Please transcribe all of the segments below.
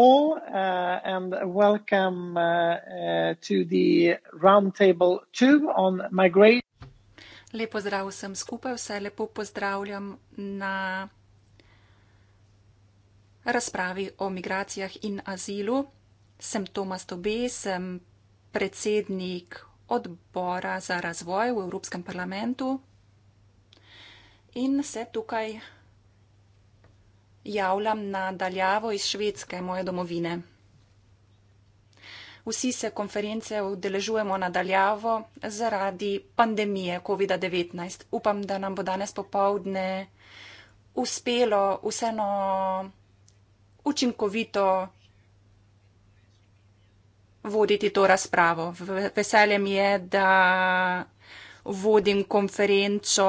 all, uh, and welcome uh, uh, to the Roundtable 2 on migration. Lep pozdrav vsem skupaj, vse lepo pozdravljam na razpravi o migracijah in azilu. Sem Tomas Tobe, sem predsednik odbora za razvoj v Evropskem parlamentu in se tukaj javljam na daljavo iz Švedske, moje domovine. Vsi se konference udeležujemo na daljavo zaradi pandemije COVID-19. Upam, da nam bo danes popovdne uspelo vseeno učinkovito voditi to razpravo. Vesele mi je, da vodim konferenco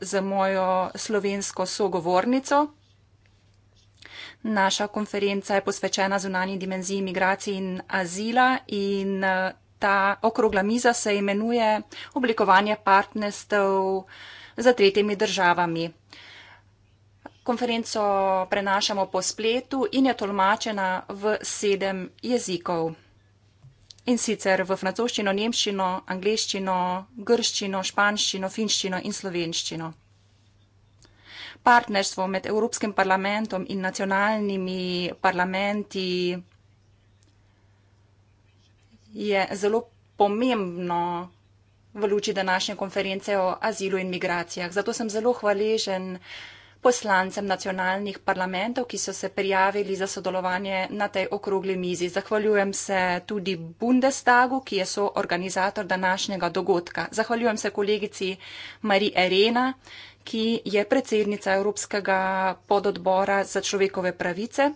z mojo slovensko sogovornico. Naša konferenca je posvečena zunanji dimenziji migracij in azila in eh, ta okrogla miza se imenuje Oblikovanje partnerstv za tretjimi državami. Konferenco prenašamo po spletu in je tolmačena v sedem jezikov. In sicer v francoščino, nemščino, angliščino, grščino, španščino, finščino in slovenščino partnerstvo med Evropskim parlamentom in nacionalnimi parlamenti je zelo pomembno v luči današnje konference o azilu in migracijah. Zato sem zelo hvaležen poslancem nacionalnih parlamentov, ki so se prijavili za sodelovanje na tej okrogli mizi. Zahvaljujem se tudi Bundestagu, ki je soorganizator današnjega dogodka. Zahvaljujem se kolegici Mari Arena, ki je predsednica Evropskega pododbora za človekove pravice.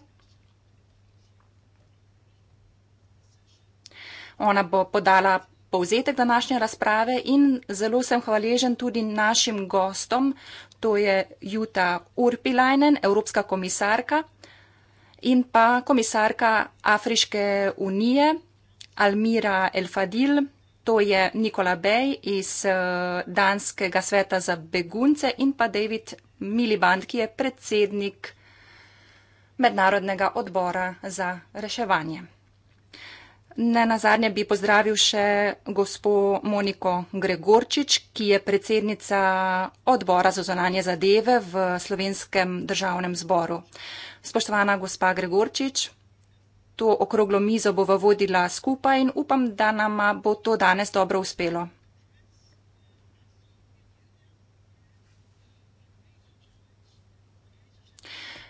Ona bo podala povzetek današnje razprave in zelo sem hvaležen tudi našim gostom, to je Juta Urpilainen, Evropska komisarka in pa komisarka Afriške unije Almira Elfadil, To je Nikola Bej iz eh, Danskega sveta za begunce in pa David Miliband, ki je predsednik mednarodnega odbora za reševanje. Ne na zadnje bi pozdravil še gospo Moniko Gregorčič, ki je predsednica odbora za zonanje zadeve v Slovenskem državnem zboru. Spoštovana gospa Gregorčič, To okroglo mizo bova vodila skupaj in upam, da nama bo to danes dobro uspelo.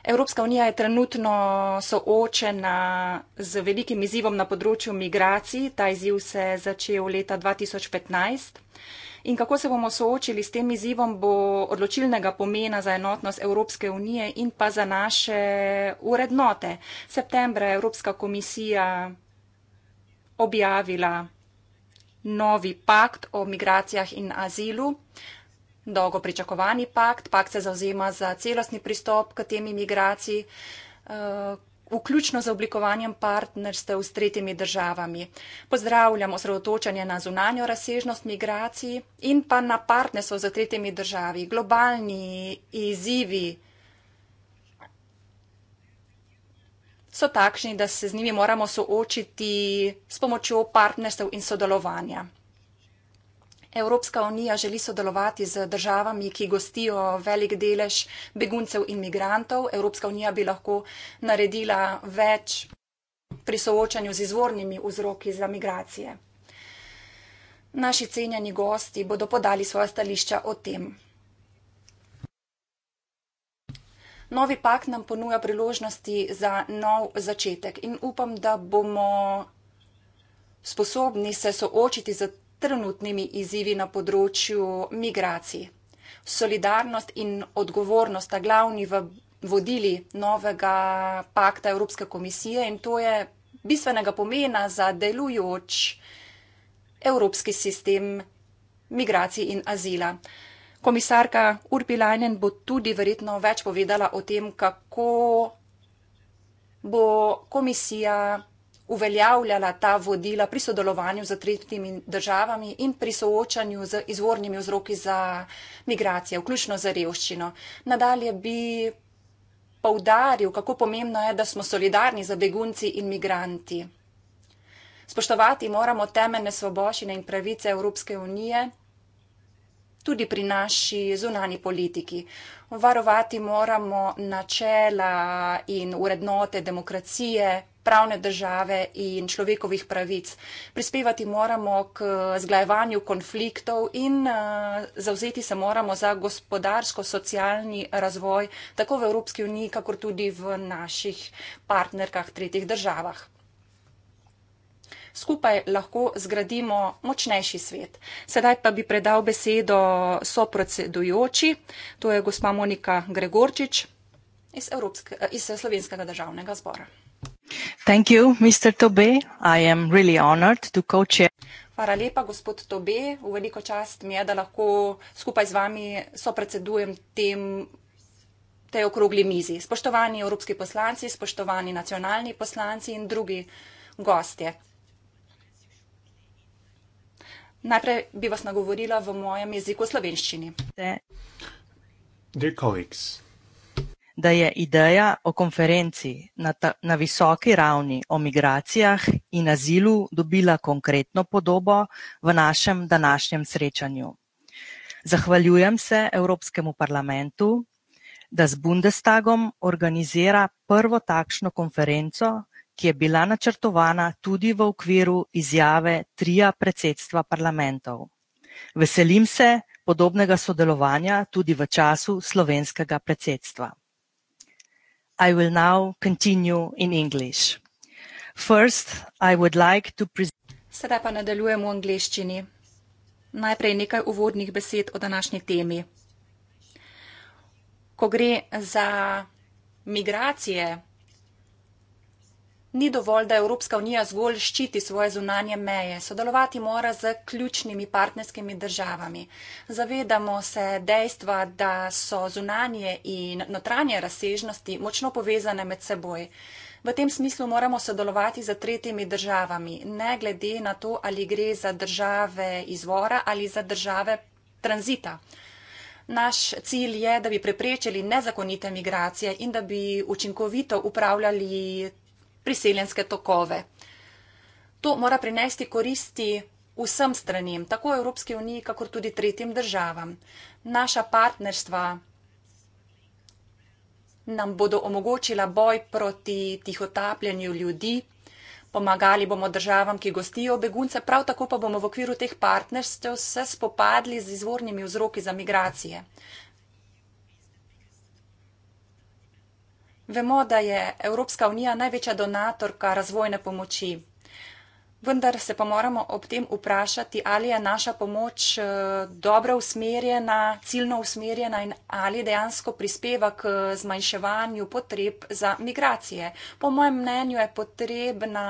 Evropska unija je trenutno soočena z velikim izzivom na področju migracij. Ta izziv se je začel leta 2015. In kako se bomo soočili s tem izzivom, bo odločilnega pomena za enotnost Evropske unije in pa za naše urednote. Septembra je Evropska komisija objavila novi pakt o migracijah in azilu dolgo pričakovani pakt, pakt se zauzema za celostni pristop k temi migraciji, eh, vključno z oblikovanjem partnerstev s tretjimi državami. Pozdravljam osredotočanje na zunanjo razsežnost migracij in pa na partnerstvo z tretjimi državami. Globalni izzivi so takšni, da se z njimi moramo soočiti s pomočjo partnerstev in sodelovanja. Evropska unija želi sodelovati z državami, ki gostijo velik delež beguncev in migrantov. Evropska unija bi lahko naredila več pri soočanju z izvornimi vzroki za migracije. Naši cenjeni gosti bodo podali svoje stališča o tem. Novi pakt nam ponuja priložnosti za nov začetek in upam, da bomo sposobni se soočiti z trenutnimi izzivi na področju migracij. Solidarnost in odgovornost sta glavni v vodili novega pakta Evropske komisije in to je bistvenega pomena za delujoč evropski sistem migracij in azila. Komisarka Urpilajnen bo tudi verjetno več povedala o tem, kako bo komisija uveljavljala ta vodila pri sodelovanju z tretjimi državami in pri soočanju z izvornimi vzroki za migracije, vključno z revščino. Nadalje bi poudaril, kako pomembno je, da smo solidarni za begunci in migranti. Spoštovati moramo temeljne svobošine in pravice Evropske unije, tudi pri naši zunani politiki. Varovati moramo načela in urednote demokracije, pravne države in človekovih pravic. Prispevati moramo k zglajevanju konfliktov in eh, zauzeti se moramo za gospodarsko-socialni razvoj tako v Evropski uniji, kakor tudi v naših partnerkah tretjih državah. Skupaj lahko zgradimo močnejši svet. Sedaj pa bi predal besedo soprocedujoči, to je gospa Monika Gregorčič iz, Evropske, eh, iz Slovenskega državnega zbora. Thank you, Mr. Tobe. I am really honored to co-chair. Hvala lepa, gospod Tobe. V veliko čast mi je, da lahko skupaj z vami sopredsedujem tem tej okrogli mizi. Spoštovani evropski poslanci, spoštovani nacionalni poslanci in drugi gostje. Najprej bi vas nagovorila v mojem jeziku slovenščini. Dear colleagues, da je ideja o konferenci na, ta, na visoki ravni o migracijah in azilu dobila konkretno podobo v našem današnjem srečanju. Zahvaljujem se Evropskemu parlamentu, da z Bundestagom organizira prvo takšno konferenco, ki je bila načrtovana tudi v okviru izjave trija predsedstva parlamentov. Veselim se podobnega sodelovanja tudi v času slovenskega predsedstva. I will now continue in English. First, I would like to present. Sedaj pa nadaljujem v angliščini. Najprej nekaj uvodnih besed o današnji temi. Ko gre za migracije, Ni dovolj, da Evropska unija zgolj ščiti svoje zunanje meje, sodelovati mora z ključnimi partnerskimi državami. Zavedamo se dejstva, da so zunanje in notranje razsežnosti močno povezane med seboj. V tem smislu moramo sodelovati z tretjimi državami, ne glede na to, ali gre za države izvora ali za države tranzita. Naš cilj je, da bi preprečili nezakonite migracije in da bi učinkovito upravljali priseljenske tokove. To mora prinesti koristi vsem stranim, tako Evropski uniji, kakor tudi tretjim državam. Naša partnerstva nam bodo omogočila boj proti tihotapljanju ljudi, pomagali bomo državam, ki gostijo begunce, prav tako pa bomo v okviru teh partnerstv se spopadli z izvornimi vzroki za migracije. Vemo, da je Evropska unija največja donatorka razvojne pomoči. Vendar se pa moramo ob tem vprašati, ali je naša pomoč eh, dobro usmerjena, ciljno usmerjena in ali dejansko prispeva k zmanjševanju potreb za migracije. Po mojem mnenju je potrebna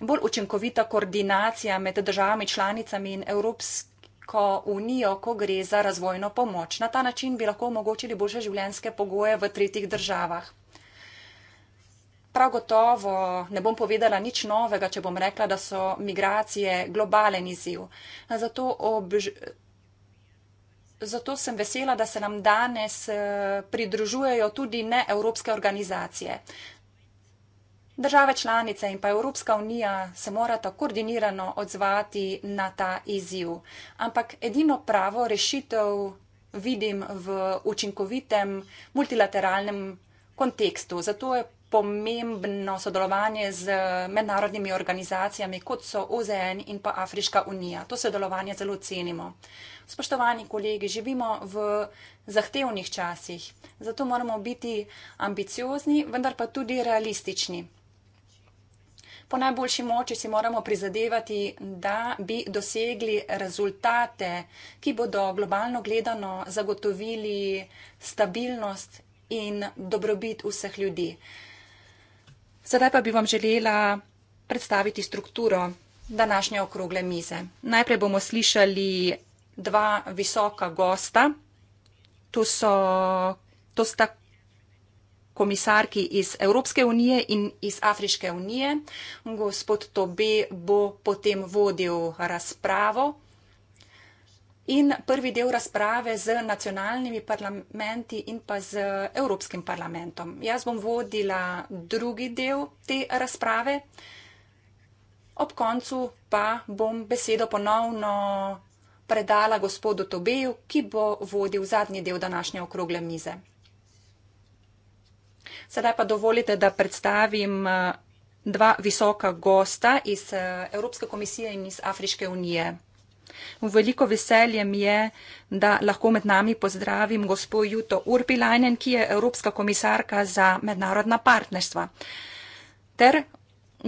bolj učinkovita koordinacija med državami članicami in evropskimi Evropsko unijo, ko gre za razvojno pomoč. Na ta način bi lahko omogočili boljše življenjske pogoje v tretjih državah. Prav gotovo ne bom povedala nič novega, če bom rekla, da so migracije globalen izziv. Zato, obž... Zato sem vesela, da se nam danes eh, pridružujejo tudi neevropske organizacije. Države članice in pa Evropska unija se morata koordinirano odzvati na ta izziv. Ampak edino pravo rešitev vidim v učinkovitem multilateralnem kontekstu. Zato je pomembno sodelovanje z mednarodnimi organizacijami, kot so OZN in pa Afriška unija. To sodelovanje zelo cenimo. Spoštovani kolegi, živimo v zahtevnih časih, zato moramo biti ambiciozni, vendar pa tudi realistični po najboljši moči si moramo prizadevati, da bi dosegli rezultate, ki bodo globalno gledano zagotovili stabilnost in dobrobit vseh ljudi. Sedaj pa bi vam želela predstaviti strukturo današnje okrogle mize. Najprej bomo slišali dva visoka gosta. To, so, to sta komisarki iz Evropske unije in iz Afriške unije. Gospod Tobe bo potem vodil razpravo. In prvi del razprave z nacionalnimi parlamenti in pa z Evropskim parlamentom. Jaz bom vodila drugi del te razprave, ob koncu pa bom besedo ponovno predala gospodu Tobeju, ki bo vodil zadnji del današnje okrogle mize. Sedaj pa dovolite, da predstavim eh, dva visoka gosta iz eh, Evropske komisije in iz Afriške unije. Veliko veselje mi je, da lahko med nami pozdravim gospod Juto Urpilajnen, ki je Evropska komisarka za mednarodna partnerstva, ter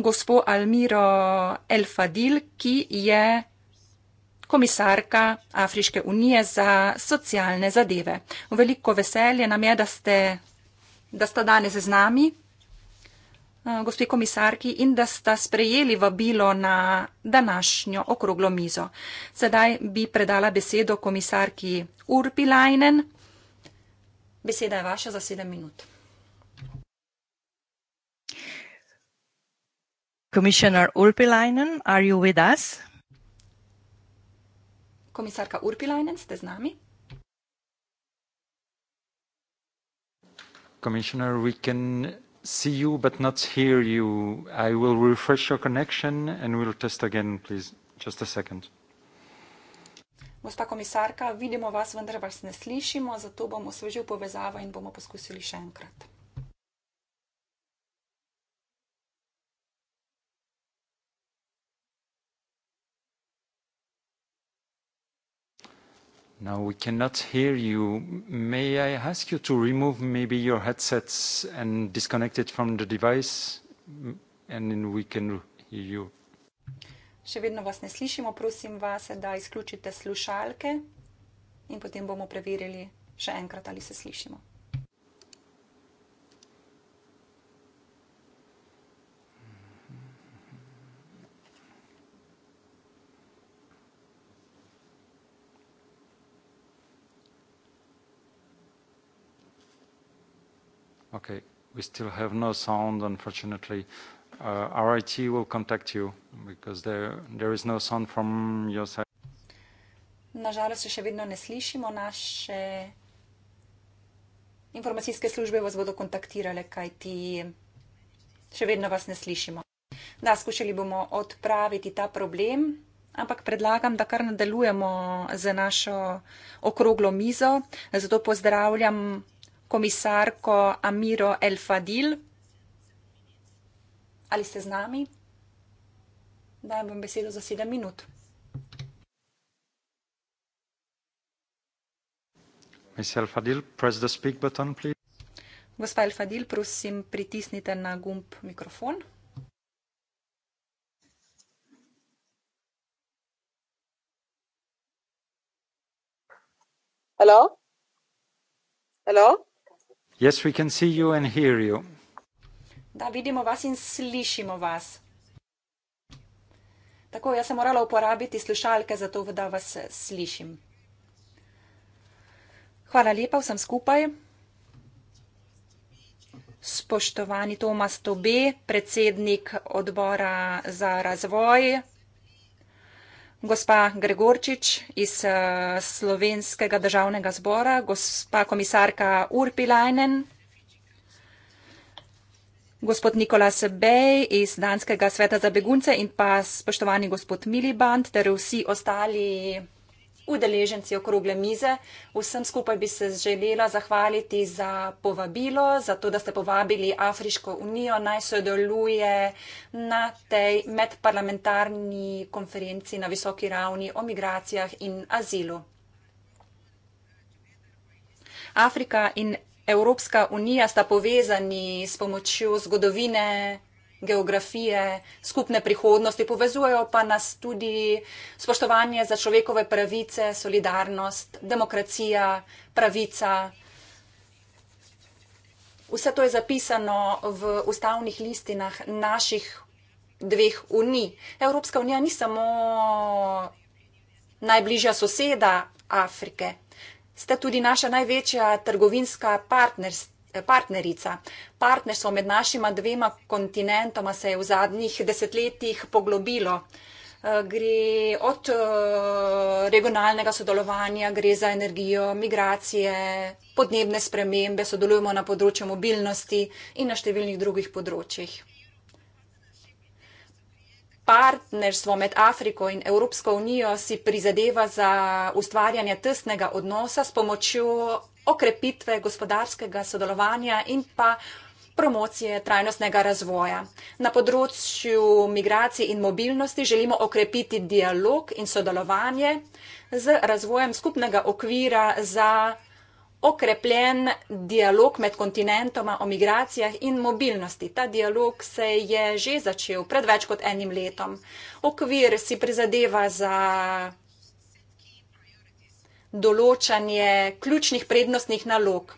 gospod Almiro Elfadil, ki je komisarka Afriške unije za socialne zadeve. Veliko veselje nam je, da ste da sta danes z nami, eh, gospe komisarki, in da sta sprejeli vabilo na današnjo okroglo mizo. Sedaj bi predala besedo komisarki Urpi Lajnen. Beseda je vaša za sedem minut. Commissioner Urpilainen, are you with us? Komisarka Urpilainen, ste z nami? Commissioner, we can see you but not hear you. I will refresh your connection and we'll test again, please. Just a second. Gospa komisarka, vidimo vas, vendar vas ne slišimo, zato bom osvežil povezavo in bomo poskusili še enkrat. Now we cannot hear you. May I ask you to remove maybe your headsets and disconnect it from the device and then we can hear you. Še vedno vas ne slišimo, prosim vas, da izključite slušalke in potem bomo preverili še enkrat, ali se slišimo. we still have no sound, unfortunately. Uh, RIT will contact you because there there is no sound from your side. Nažalost se še vedno ne slišimo. Naše informacijske službe vas bodo kontaktirale, kajti še vedno vas ne slišimo. Da, skušali bomo odpraviti ta problem, ampak predlagam, da kar nadaljujemo z našo okroglo mizo. Zato pozdravljam komisarko Amiro El Fadil. Ali ste z nami? Dajem vam besedo za sedem minut. Gospa El Fadil, prosim, pritisnite na gumb mikrofon. Hello? Hello? Yes, we can see you and hear you. Da, vidimo vas in slišimo vas. Tako, jaz sem morala uporabiti slušalke, zato da vas eh, slišim. Hvala lepa vsem skupaj. Spoštovani Tomas Tobe, predsednik odbora za razvoj gospa Gregorčič iz eh, Slovenskega državnega zbora, gospa komisarka Urpi Lajnen, gospod Nikolas Bej iz Danskega sveta za begunce in pa spoštovani gospod Miliband ter vsi ostali udeleženci okrogle mize. Vsem skupaj bi se želela zahvaliti za povabilo, za to, da ste povabili Afriško unijo naj sodeluje na tej medparlamentarni konferenci na visoki ravni o migracijah in azilu. Afrika in Evropska unija sta povezani s pomočjo zgodovine, geografije, skupne prihodnosti, povezujejo pa nas tudi spoštovanje za človekove pravice, solidarnost, demokracija, pravica. Vse to je zapisano v ustavnih listinah naših dveh unij. Evropska unija ni samo najbližja soseda Afrike, ste tudi naša največja trgovinska partnerstva partnerica. Partnerstvo med našima dvema kontinentoma se je v zadnjih desetletjih poglobilo. Eh, gre od eh, regionalnega sodelovanja, gre za energijo, migracije, podnebne spremembe, sodelujemo na področju mobilnosti in na številnih drugih področjih partnerstvo med Afriko in Evropsko unijo si prizadeva za ustvarjanje tesnega odnosa s pomočjo okrepitve gospodarskega sodelovanja in pa promocije trajnostnega razvoja. Na področju migracij in mobilnosti želimo okrepiti dialog in sodelovanje z razvojem skupnega okvira za okrepljen dialog med kontinentoma o migracijah in mobilnosti. Ta dialog se je že začel pred več kot enim letom. Okvir si prizadeva za določanje ključnih prednostnih nalog.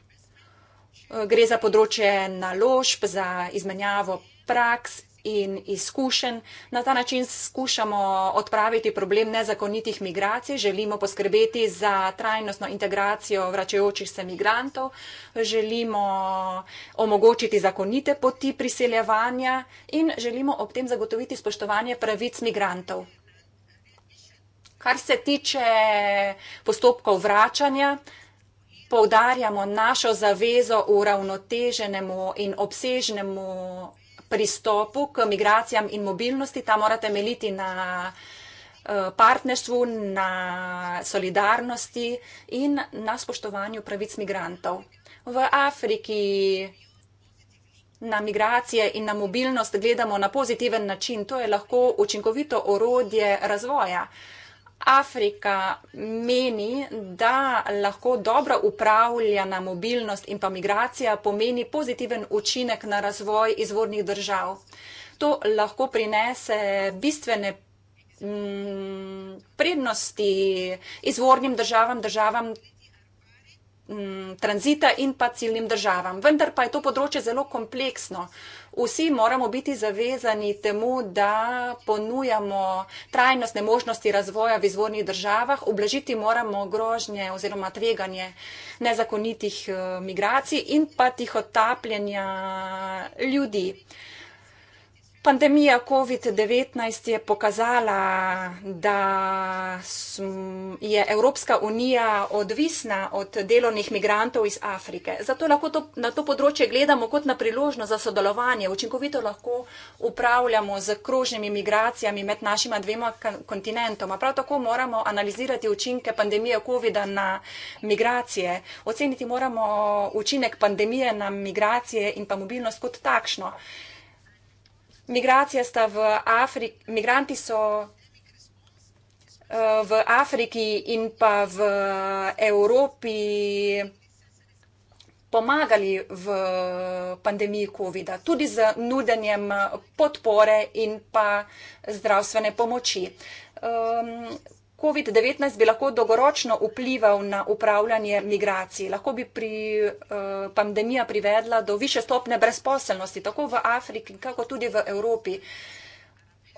Gre za področje naložb, za izmenjavo praks in izkušenj. Na ta način skušamo odpraviti problem nezakonitih migracij, želimo poskrbeti za trajnostno integracijo vračajočih se migrantov, želimo omogočiti zakonite poti priseljevanja in želimo ob tem zagotoviti spoštovanje pravic migrantov. Kar se tiče postopkov vračanja, poudarjamo našo zavezo uravnoteženemu in obsežnemu pristopu k migracijam in mobilnosti. Ta mora temeljiti na eh, partnerstvu, na solidarnosti in na spoštovanju pravic migrantov. V Afriki na migracije in na mobilnost gledamo na pozitiven način. To je lahko učinkovito orodje razvoja. Afrika meni, da lahko dobro upravljena mobilnost in pa migracija pomeni pozitiven učinek na razvoj izvornih držav. To lahko prinese bistvene mm, prednosti izvornim državam, državam mm, tranzita in pa ciljnim državam. Vendar pa je to področje zelo kompleksno vsi moramo biti zavezani temu, da ponujamo trajnostne možnosti razvoja v izvornih državah, oblažiti moramo grožnje oziroma tveganje nezakonitih eh, migracij in pa tihotapljenja ljudi. Pandemija COVID-19 je pokazala, da je Evropska unija odvisna od delovnih migrantov iz Afrike. Zato lahko to, na to področje gledamo kot na priložnost za sodelovanje. Učinkovito lahko upravljamo z krožnimi migracijami med našima dvema kontinentoma. Prav tako moramo analizirati učinke pandemije COVID-19 na migracije. Oceniti moramo učinek pandemije na migracije in pa mobilnost kot takšno. Migracija sta v Afriki, migranti so eh, v Afriki in pa v Evropi pomagali v pandemiji COVID-19, tudi z nudenjem podpore in pa zdravstvene pomoči. Ehm, COVID-19 bi lahko dolgoročno vplival na upravljanje migracij. Lahko bi pri, uh, pandemija privedla do više stopne brezposelnosti, tako v Afriki, kako tudi v Evropi.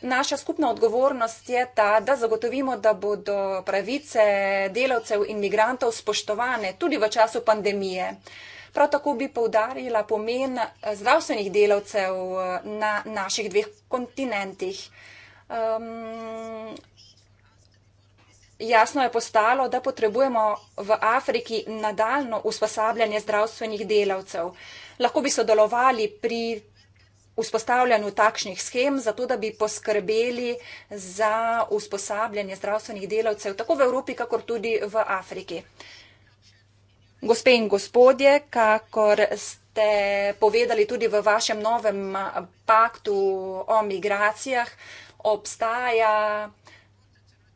Naša skupna odgovornost je ta, da zagotovimo, da bodo pravice delavcev in migrantov spoštovane tudi v času pandemije. Prav tako bi poudarila pomen eh, zdravstvenih delavcev eh, na naših dveh kontinentih. Um, Jasno je postalo, da potrebujemo v Afriki nadaljno usposabljanje zdravstvenih delavcev. Lahko bi sodelovali pri vzpostavljanju takšnih schem, zato da bi poskrbeli za usposabljanje zdravstvenih delavcev tako v Evropi, kakor tudi v Afriki. Gospe in gospodje, kakor ste povedali tudi v vašem novem paktu o migracijah, obstaja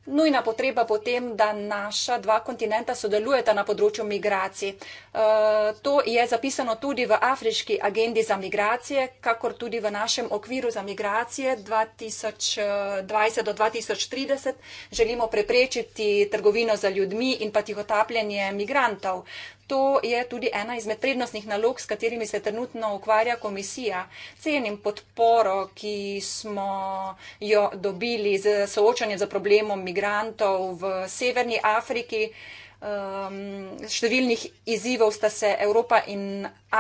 nujna potreba po tem, da naša dva kontinenta sodelujeta na področju migracij. Eh, to je zapisano tudi v afriški agendi za migracije, kakor tudi v našem okviru za migracije 2020 eh, do 2030. Želimo preprečiti trgovino za ljudmi in pa tihotapljenje migrantov. To je tudi ena izmed prednostnih nalog, s katerimi se trenutno ukvarja komisija. Cenim podporo, ki smo jo dobili z soočanjem za problemom migrantov v Severni Afriki. Uh, um, številnih izzivov sta se Evropa in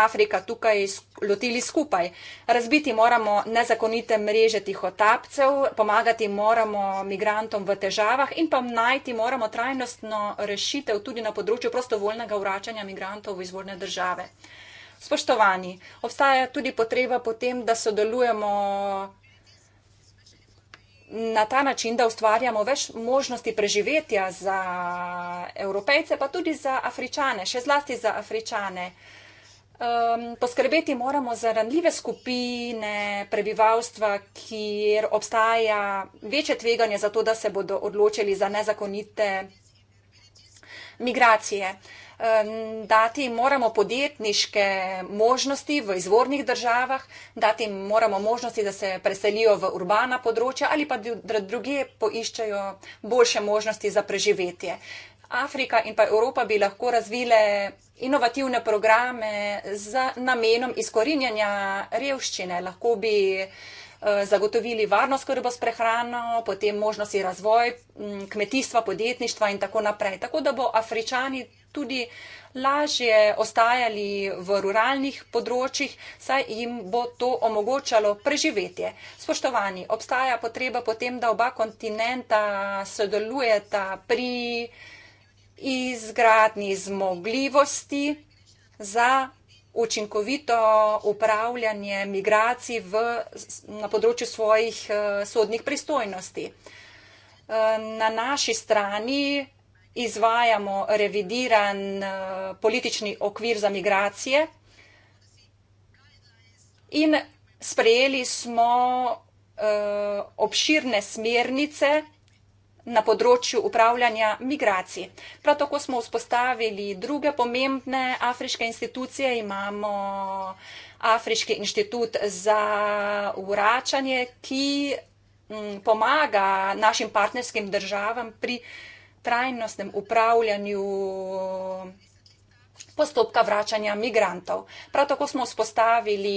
Afrika tukaj lotili skupaj. Razbiti moramo nezakonite mreže tihotapcev, pomagati moramo migrantom v težavah in pa najti moramo trajnostno rešitev tudi na področju prostovoljnega vračanja migrantov v izvorne države. Spoštovani, obstaja tudi potreba potem, da sodelujemo na ta način, da ustvarjamo več možnosti preživetja za evropejce, pa tudi za afričane, še zlasti za afričane. Um, poskrbeti moramo za ranljive skupine prebivalstva, kjer obstaja večje tveganje za to, da se bodo odločili za nezakonite migracije. Dati moramo podjetniške možnosti v izvornih državah, dati moramo možnosti, da se preselijo v urbana področja ali pa da druge poiščejo boljše možnosti za preživetje. Afrika in pa Evropa bi lahko razvile inovativne programe z namenom izkorinjanja revščine. Lahko bi uh, Eh, zagotovili varno skrbo s prehrano, potem možnosti razvoj mm, kmetijstva, podjetništva in tako naprej. Tako da bo Afričani tudi lažje ostajali v ruralnih področjih, saj jim bo to omogočalo preživetje. Spoštovani, obstaja potreba potem, da oba kontinenta sodelujeta pri izgradni zmogljivosti za učinkovito upravljanje migracij v, na področju svojih eh, sodnih pristojnosti. Eh, na naši strani izvajamo revidiran eh, politični okvir za migracije in sprejeli smo obširne smernice na področju upravljanja migracij. Prav tako smo vzpostavili druge pomembne afriške institucije. Imamo Afriški inštitut za vračanje, ki mm, pomaga našim partnerskim državam pri trajnostnem upravljanju postopka vračanja migrantov. Prav tako smo vzpostavili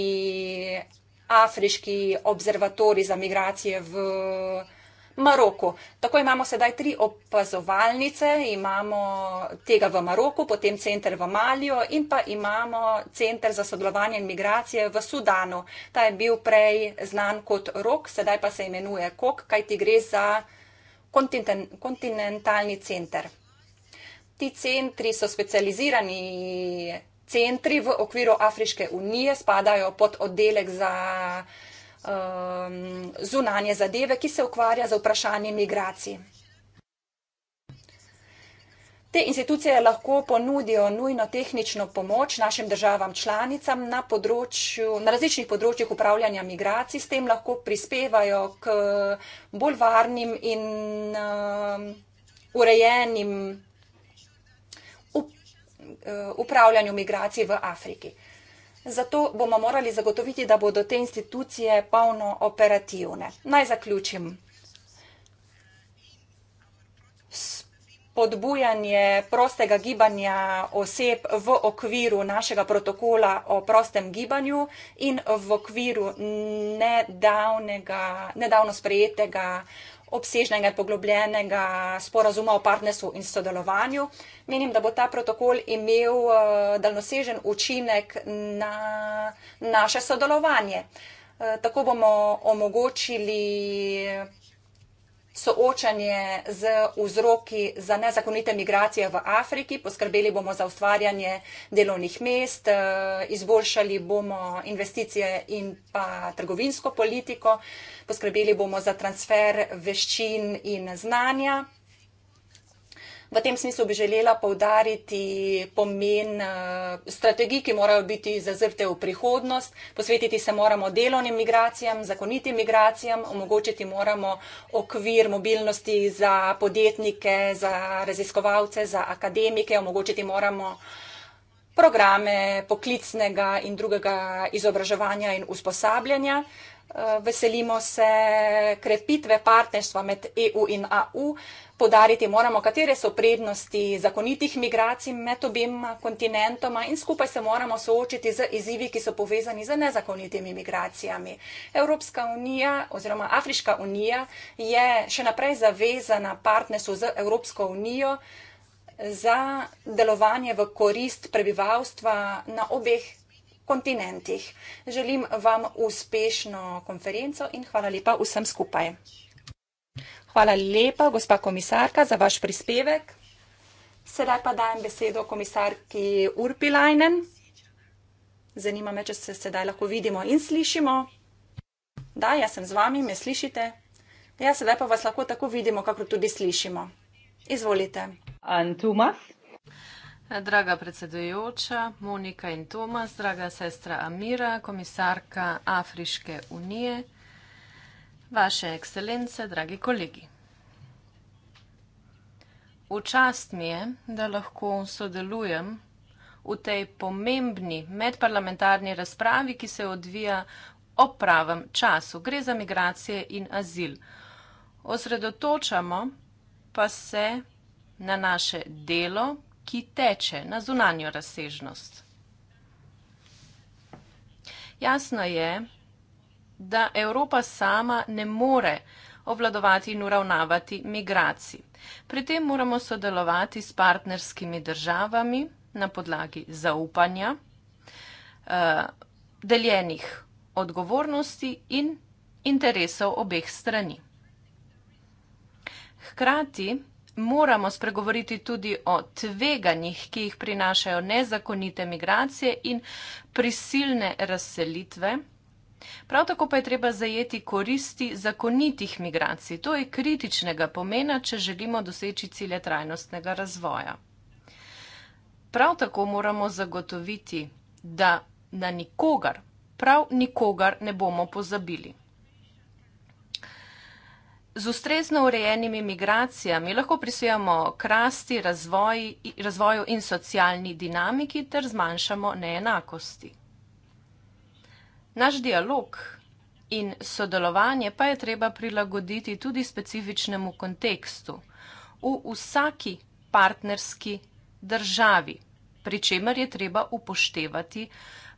Afriški observatori za migracije v Afriki. Maroku. Tako imamo sedaj tri opazovalnice, imamo tega v Maroku, potem center v Malijo in pa imamo center za sodelovanje in migracije v Sudanu. Ta je bil prej znan kot Rok, sedaj pa se imenuje Kok, kajti gre za kontinentalni center. Ti centri so specializirani. Centri v okviru Afriške unije spadajo pod oddelek za um, zunanje zadeve, ki se ukvarja z vprašanji migracij. Te institucije lahko ponudijo nujno tehnično pomoč našim državam članicam na, področju, na različnih področjih upravljanja migracij, s tem lahko prispevajo k bolj varnim in uh, urejenim up, uh, upravljanju migracij v Afriki. Zato bomo morali zagotoviti, da bodo te institucije polno operativne. Naj zaključim. Podbujanje prostega gibanja oseb v okviru našega protokola o prostem gibanju in v okviru nedavnega, nedavno sprejetega obsežnega in poglobljenega sporazuma o partnerstvu in sodelovanju. Menim, da bo ta protokol imel eh, daljnosežen učinek na naše sodelovanje. Eh, tako bomo omogočili soočanje z vzroki za nezakonite migracije v Afriki, poskrbeli bomo za ustvarjanje delovnih mest, eh, izboljšali bomo investicije in pa trgovinsko politiko, poskrbeli bomo za transfer veščin in znanja. V tem smislu bi želela povdariti pomen eh, strategij, ki morajo biti zazrte v prihodnost. Posvetiti se moramo delovnim migracijam, zakonitim migracijam, omogočiti moramo okvir mobilnosti za podjetnike, za raziskovalce, za akademike, omogočiti moramo programe poklicnega in drugega izobraževanja in usposabljanja. Eh, veselimo se krepitve partnerstva med EU in AU. Podariti moramo, katere so prednosti zakonitih migracij med obima kontinentoma in skupaj se moramo soočiti z izzivi, ki so povezani z nezakonitimi migracijami. Evropska unija oziroma Afriška unija je še naprej zavezana partnerstvu z Evropsko unijo za delovanje v korist prebivalstva na obeh kontinentih. Želim vam uspešno konferenco in hvala lepa vsem skupaj. Hvala lepa, gospa komisarka, za vaš prispevek. Sedaj pa dajem besedo komisarki Urpilajnen. Zanima me, če se sedaj lahko vidimo in slišimo. Da, jaz sem z vami, me slišite. Ja, sedaj pa vas lahko tako vidimo, kako tudi slišimo. Izvolite. Antumas. Draga predsedujoča, Monika in Tomas, draga sestra Amira, komisarka Afriške unije, vaše ekscelence, dragi kolegi. V čast mi je, da lahko sodelujem v tej pomembni medparlamentarni razpravi, ki se odvija o pravem času. Gre za migracije in azil. Osredotočamo pa se na naše delo, ki teče na zunanjo razsežnost. Jasno je, da Evropa sama ne more obvladovati in uravnavati migracij. Pri tem moramo sodelovati s partnerskimi državami na podlagi zaupanja, eh, deljenih odgovornosti in interesov obeh strani. Hkrati moramo spregovoriti tudi o tveganjih, ki jih prinašajo nezakonite migracije in prisilne razselitve. Prav tako pa je treba zajeti koristi zakonitih migracij. To je kritičnega pomena, če želimo doseči cilje trajnostnega razvoja. Prav tako moramo zagotoviti, da na nikogar, prav nikogar ne bomo pozabili. Z ustrezno urejenimi migracijami lahko prisujemo krasti razvoj, razvoju in socialni dinamiki ter zmanjšamo neenakosti. Naš dialog in sodelovanje pa je treba prilagoditi tudi specifičnemu kontekstu v vsaki partnerski državi, pri čemer je treba upoštevati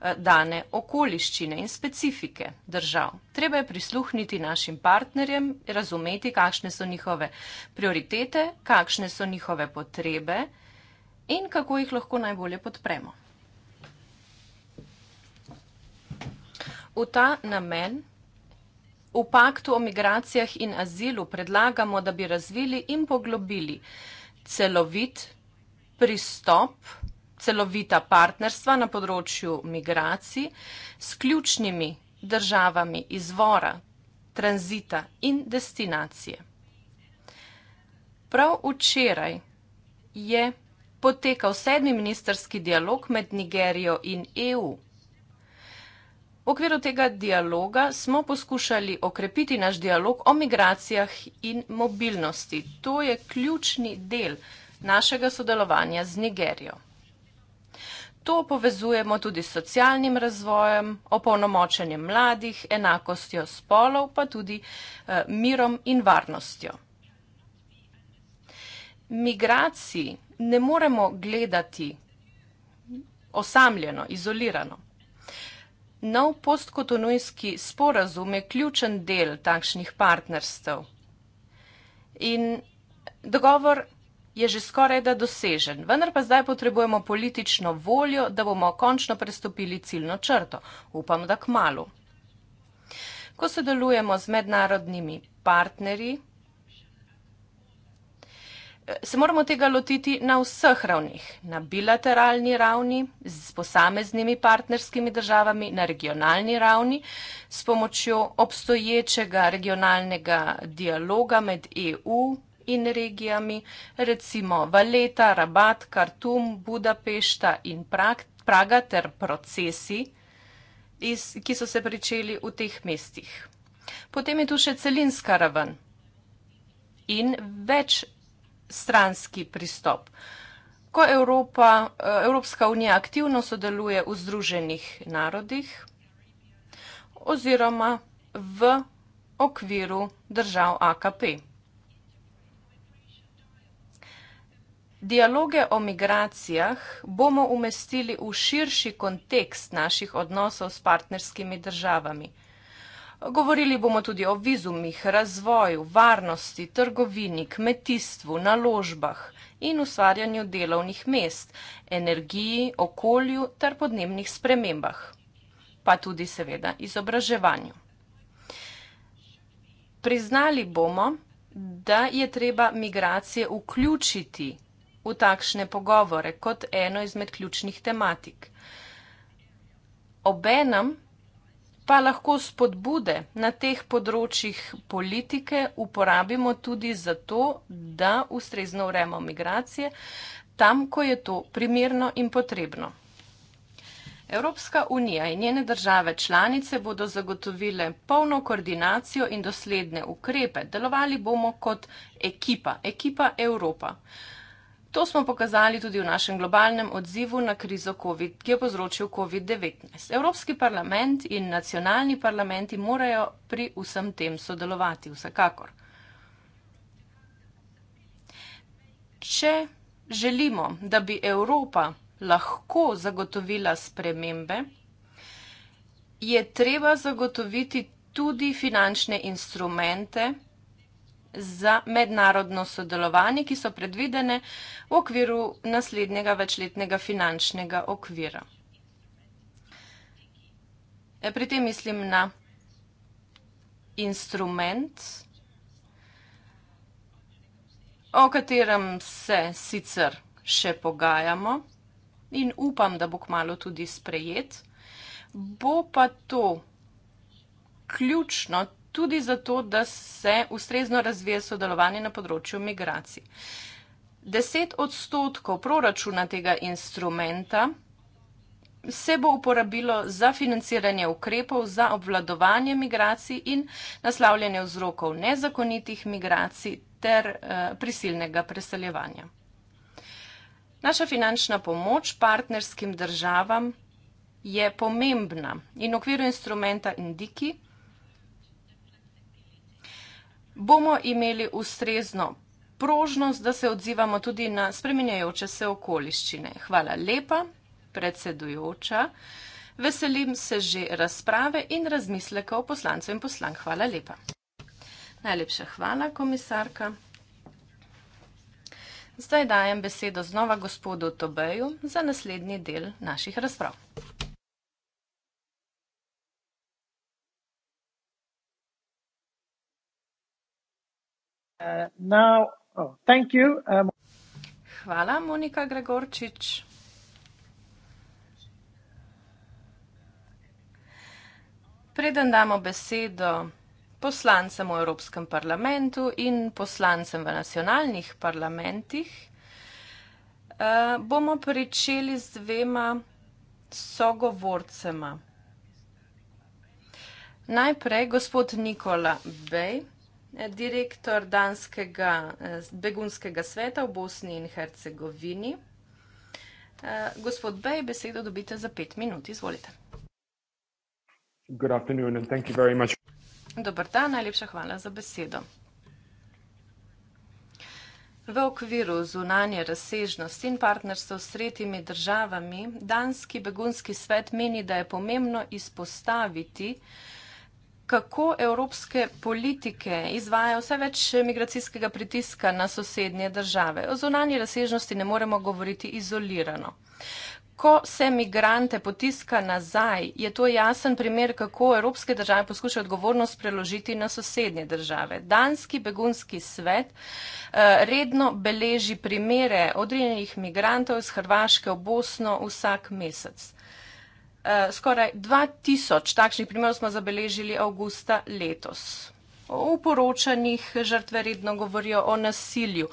Eh, dane okoliščine in specifike držav. Treba je prisluhniti našim partnerjem, razumeti, kakšne so njihove prioritete, kakšne so njihove potrebe in kako jih lahko najbolje podpremo. V ta namen v paktu o migracijah in azilu predlagamo, da bi razvili in poglobili celovit pristop, celovita partnerstva na področju migracij s ključnimi državami izvora, tranzita in destinacije. Prav včeraj je potekal sedmi ministrski dialog med Nigerijo in EU. V okviru tega dialoga smo poskušali okrepiti naš dialog o migracijah in mobilnosti. To je ključni del našega sodelovanja z Nigerijo. To povezujemo tudi s socialnim razvojem, opolnomočenjem mladih, enakostjo spolov, pa tudi eh, mirom in varnostjo. Migraciji ne moremo gledati osamljeno, izolirano. Nov postkotonujski sporazum je ključen del takšnih partnerstev. In dogovor je že skoraj da dosežen, vendar pa zdaj potrebujemo politično voljo, da bomo končno prestopili ciljno črto. Upam, da k malu. Ko sodelujemo z mednarodnimi partnerji, eh, se moramo tega lotiti na vseh ravnih, na bilateralni ravni, z posameznimi partnerskimi državami, na regionalni ravni, s pomočjo obstoječega regionalnega dialoga med EU, in regijami, recimo Valeta, Rabat, Kartum, Budapešta in Praga ter procesi, iz, ki so se pričeli v teh mestih. Potem je tu še celinska raven in več stranski pristop. Ko Evropa, eh, Evropska unija aktivno sodeluje v združenih narodih oziroma v okviru držav AKP. Dialoge o migracijah bomo umestili v širši kontekst naših odnosov s partnerskimi državami. Govorili bomo tudi o vizumih, razvoju, varnosti, trgovini, kmetijstvu, naložbah in ustvarjanju delovnih mest, energiji, okolju ter podnebnih spremembah, pa tudi seveda izobraževanju. Priznali bomo, da je treba migracije vključiti v takšne pogovore kot eno izmed ključnih tematik. Obenem pa lahko spodbude na teh področjih politike uporabimo tudi zato, da ustrezno uremo migracije tam, ko je to primerno in potrebno. Evropska unija in njene države članice bodo zagotovile polno koordinacijo in dosledne ukrepe. Delovali bomo kot ekipa, ekipa Evropa. To smo pokazali tudi v našem globalnem odzivu na krizo COVID, ki je povzročil COVID-19. Evropski parlament in nacionalni parlamenti morajo pri vsem tem sodelovati, vsekakor. Če želimo, da bi Evropa lahko zagotovila spremembe, je treba zagotoviti tudi finančne instrumente, za mednarodno sodelovanje, ki so predvidene v okviru naslednjega večletnega finančnega okvira. E, pri tem mislim na instrument, o katerem se sicer še pogajamo in upam, da bo kmalu tudi sprejet. Bo pa to ključno tudi zato, da se ustrezno razvije sodelovanje na področju migracij. Deset odstotkov proračuna tega instrumenta se bo uporabilo za financiranje ukrepov za obvladovanje migracij in naslavljanje vzrokov nezakonitih migracij ter eh, prisilnega preseljevanja. Naša finančna pomoč partnerskim državam je pomembna in v okviru instrumenta Indiki in bomo imeli ustrezno prožnost, da se odzivamo tudi na spreminjajoče se okoliščine. Hvala lepa, predsedujoča. Veselim se že razprave in razmislekov poslancev in poslank. Hvala lepa. Najlepša hvala, komisarka. Zdaj dajem besedo znova gospodu Tobeju za naslednji del naših razprav. uh, now, oh, thank you. Um, Hvala, Monika Gregorčič. Preden damo besedo poslancem v Evropskem parlamentu in poslancem v nacionalnih parlamentih, uh, bomo pričeli z dvema sogovorcema. Najprej gospod Nikola Bej direktor Danskega eh, begunskega sveta v Bosni in Hercegovini. Eh, gospod Bej, besedo dobite za pet minut. Izvolite. Dobar dan, najlepša hvala za besedo. V okviru zunanje razsežnosti in partnerstva s tretjimi državami, Danski begunski svet meni, da je pomembno izpostaviti, kako evropske politike izvajajo vse več migracijskega pritiska na sosednje države. O zunanji razsežnosti ne moremo govoriti izolirano. Ko se migrante potiska nazaj, je to jasen primer, kako evropske države poskušajo odgovornost preložiti na sosednje države. Danski begunski svet uh, redno beleži primere odrinjenih migrantov iz Hrvaške v Bosno vsak mesec. Eh, skoraj 2000 takšnih primerov smo zabeležili avgusta letos. V poročanjih žrtve redno govorijo o nasilju,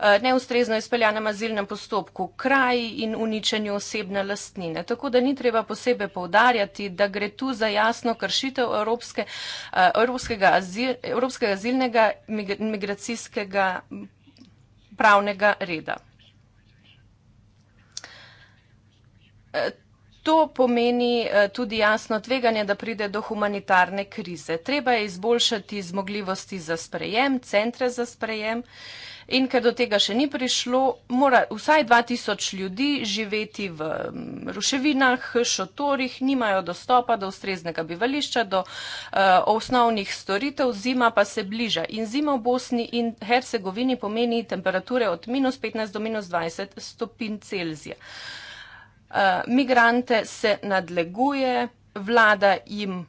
eh, neustrezno izpeljanem azilnem postopku, kraji in uničenju osebne lastnine. Tako da ni treba posebej povdarjati, da gre tu za jasno kršitev evropske, eh, evropskega, azil, evropskega azilnega migracijskega pravnega reda. To pomeni eh, tudi jasno tveganje, da pride do humanitarne krize. Treba je izboljšati zmogljivosti za sprejem, centre za sprejem in ker do tega še ni prišlo, mora vsaj 2000 ljudi živeti v ruševinah, šotorih, nimajo dostopa do ustreznega bivališča, do uh, osnovnih storitev, zima pa se bliža. In zima v Bosni in Hercegovini pomeni temperature od minus 15 do minus 20 stopinj Celzija. Uh, Eh, migrante se nadleguje, vlada jim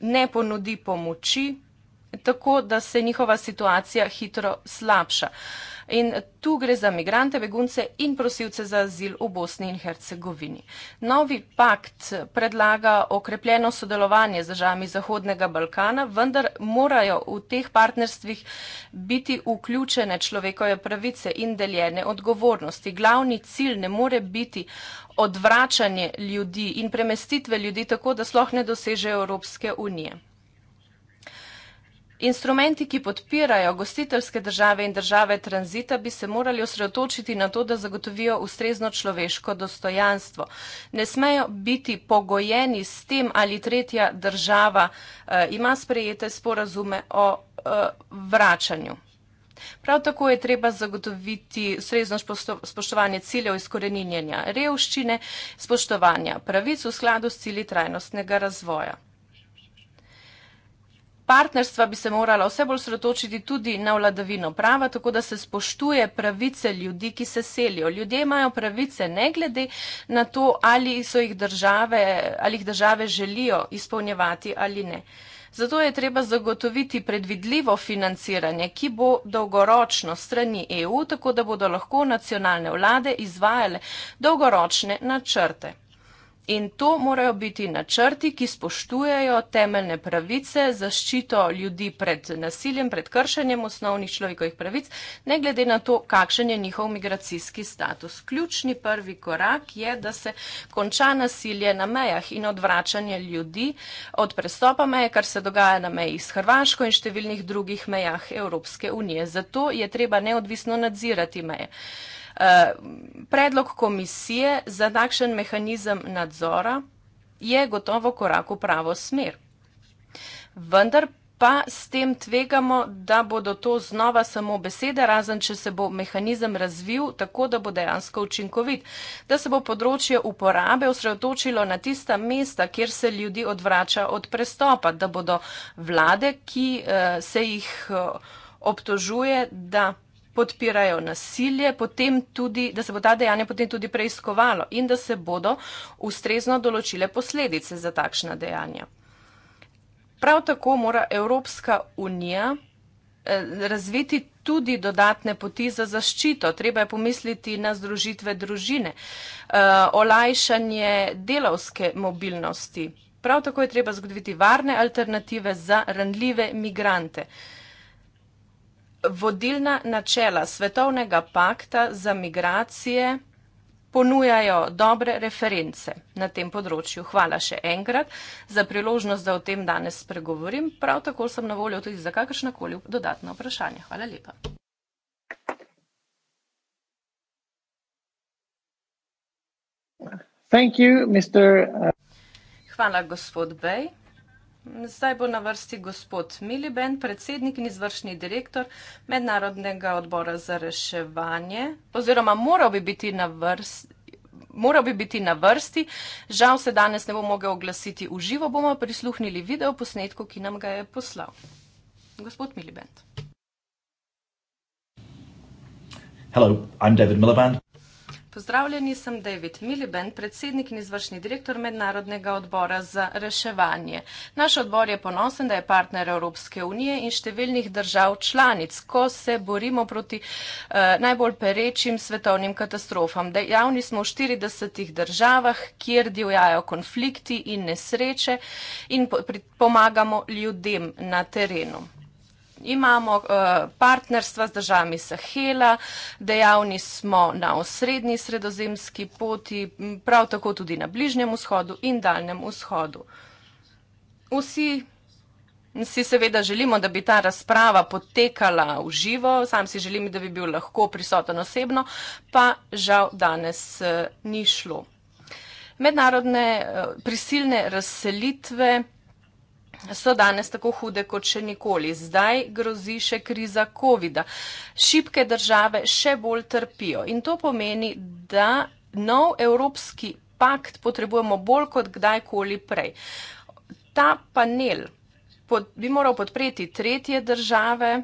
ne ponudi pomoči, tako da se njihova situacija hitro slabša in tu gre za migrante, begunce in prosilce za azil v Bosni in Hercegovini. Novi pakt predlaga okrepljeno sodelovanje z državami Zahodnega Balkana, vendar morajo v teh partnerstvih biti vključene človekove pravice in deljene odgovornosti. Glavni cilj ne more biti odvračanje ljudi in premestitve ljudi tako, da sploh ne dosežejo Evropske unije. Instrumenti, ki podpirajo gostiteljske države in države tranzita, bi se morali osredotočiti na to, da zagotovijo ustrezno človeško dostojanstvo. Ne smejo biti pogojeni s tem, ali tretja država eh, ima sprejete sporazume o eh, vračanju. Prav tako je treba zagotoviti srezno spoštovanje ciljev izkoreninjenja revščine, spoštovanja pravic v skladu s cili trajnostnega razvoja partnerstva bi se morala vse bolj sredotočiti tudi na vladavino prava, tako da se spoštuje pravice ljudi, ki se selijo. Ljudje imajo pravice ne glede na to, ali so jih države, ali jih države želijo izpolnjevati ali ne. Zato je treba zagotoviti predvidljivo financiranje, ki bo dolgoročno strani EU, tako da bodo lahko nacionalne vlade izvajale dolgoročne načrte. In to morajo biti načrti, ki spoštujejo temeljne pravice, zaščito ljudi pred nasiljem, pred kršenjem osnovnih človekovih pravic, ne glede na to, kakšen je njihov migracijski status. Ključni prvi korak je, da se konča nasilje na mejah in odvračanje ljudi od prestopa meje, kar se dogaja na meji s Hrvaško in številnih drugih mejah Evropske unije. Zato je treba neodvisno nadzirati meje. Eh, predlog komisije za takšen mehanizem nadzora je gotovo korak v pravo smer. Vendar pa s tem tvegamo, da bodo to znova samo besede, razen če se bo mehanizem razvil tako, da bo dejansko učinkovit, da se bo področje uporabe osredotočilo na tista mesta, kjer se ljudi odvrača od prestopa, da bodo vlade, ki uh, se jih uh, obtožuje, da podpirajo nasilje, potem tudi, da se bo ta dejanje potem tudi preiskovalo in da se bodo ustrezno določile posledice za takšna dejanja. Prav tako mora Evropska unija eh, razviti tudi dodatne poti za zaščito. Treba je pomisliti na združitve družine, eh, olajšanje delovske mobilnosti. Prav tako je treba zgoditi varne alternative za ranljive migrante. Vodilna načela svetovnega pakta za migracije ponujajo dobre reference na tem področju. Hvala še enkrat za priložnost, da o tem danes spregovorim. Prav tako sem na voljo tudi za kakršnakoli dodatna vprašanja. Hvala lepa. Thank you, Mr. Uh Hvala, gospod Bej. Zdaj bo na vrsti gospod Miliben, predsednik in izvršni direktor Mednarodnega odbora za reševanje, oziroma moral bi biti na vrsti. Moral bi biti na vrsti, žal se danes ne bo mogel oglasiti v živo, bomo prisluhnili video posnetku, ki nam ga je poslal. Gospod Miliband. Hello, I'm David Miliband. Pozdravljeni, sem David Miliben, predsednik in izvršni direktor Mednarodnega odbora za reševanje. Naš odbor je ponosen, da je partner Evropske unije in številnih držav članic, ko se borimo proti eh, najbolj perečim svetovnim katastrofam. Dejavni smo v 40 državah, kjer divjajo konflikti in nesreče in po pomagamo ljudem na terenu imamo uh, partnerstva z državami Sahela, dejavni smo na osrednji sredozemski poti, prav tako tudi na Bližnjem vzhodu in Daljnem vzhodu. Vsi si seveda želimo, da bi ta razprava potekala v živo, sam si želim, da bi bil lahko prisoten osebno, pa žal danes uh, ni šlo. Mednarodne uh, prisilne razselitve so danes tako hude kot še nikoli. Zdaj grozi še kriza COVID-a. Šibke države še bolj trpijo in to pomeni, da nov evropski pakt potrebujemo bolj kot kdajkoli prej. Ta panel pod, bi moral podpreti tretje države.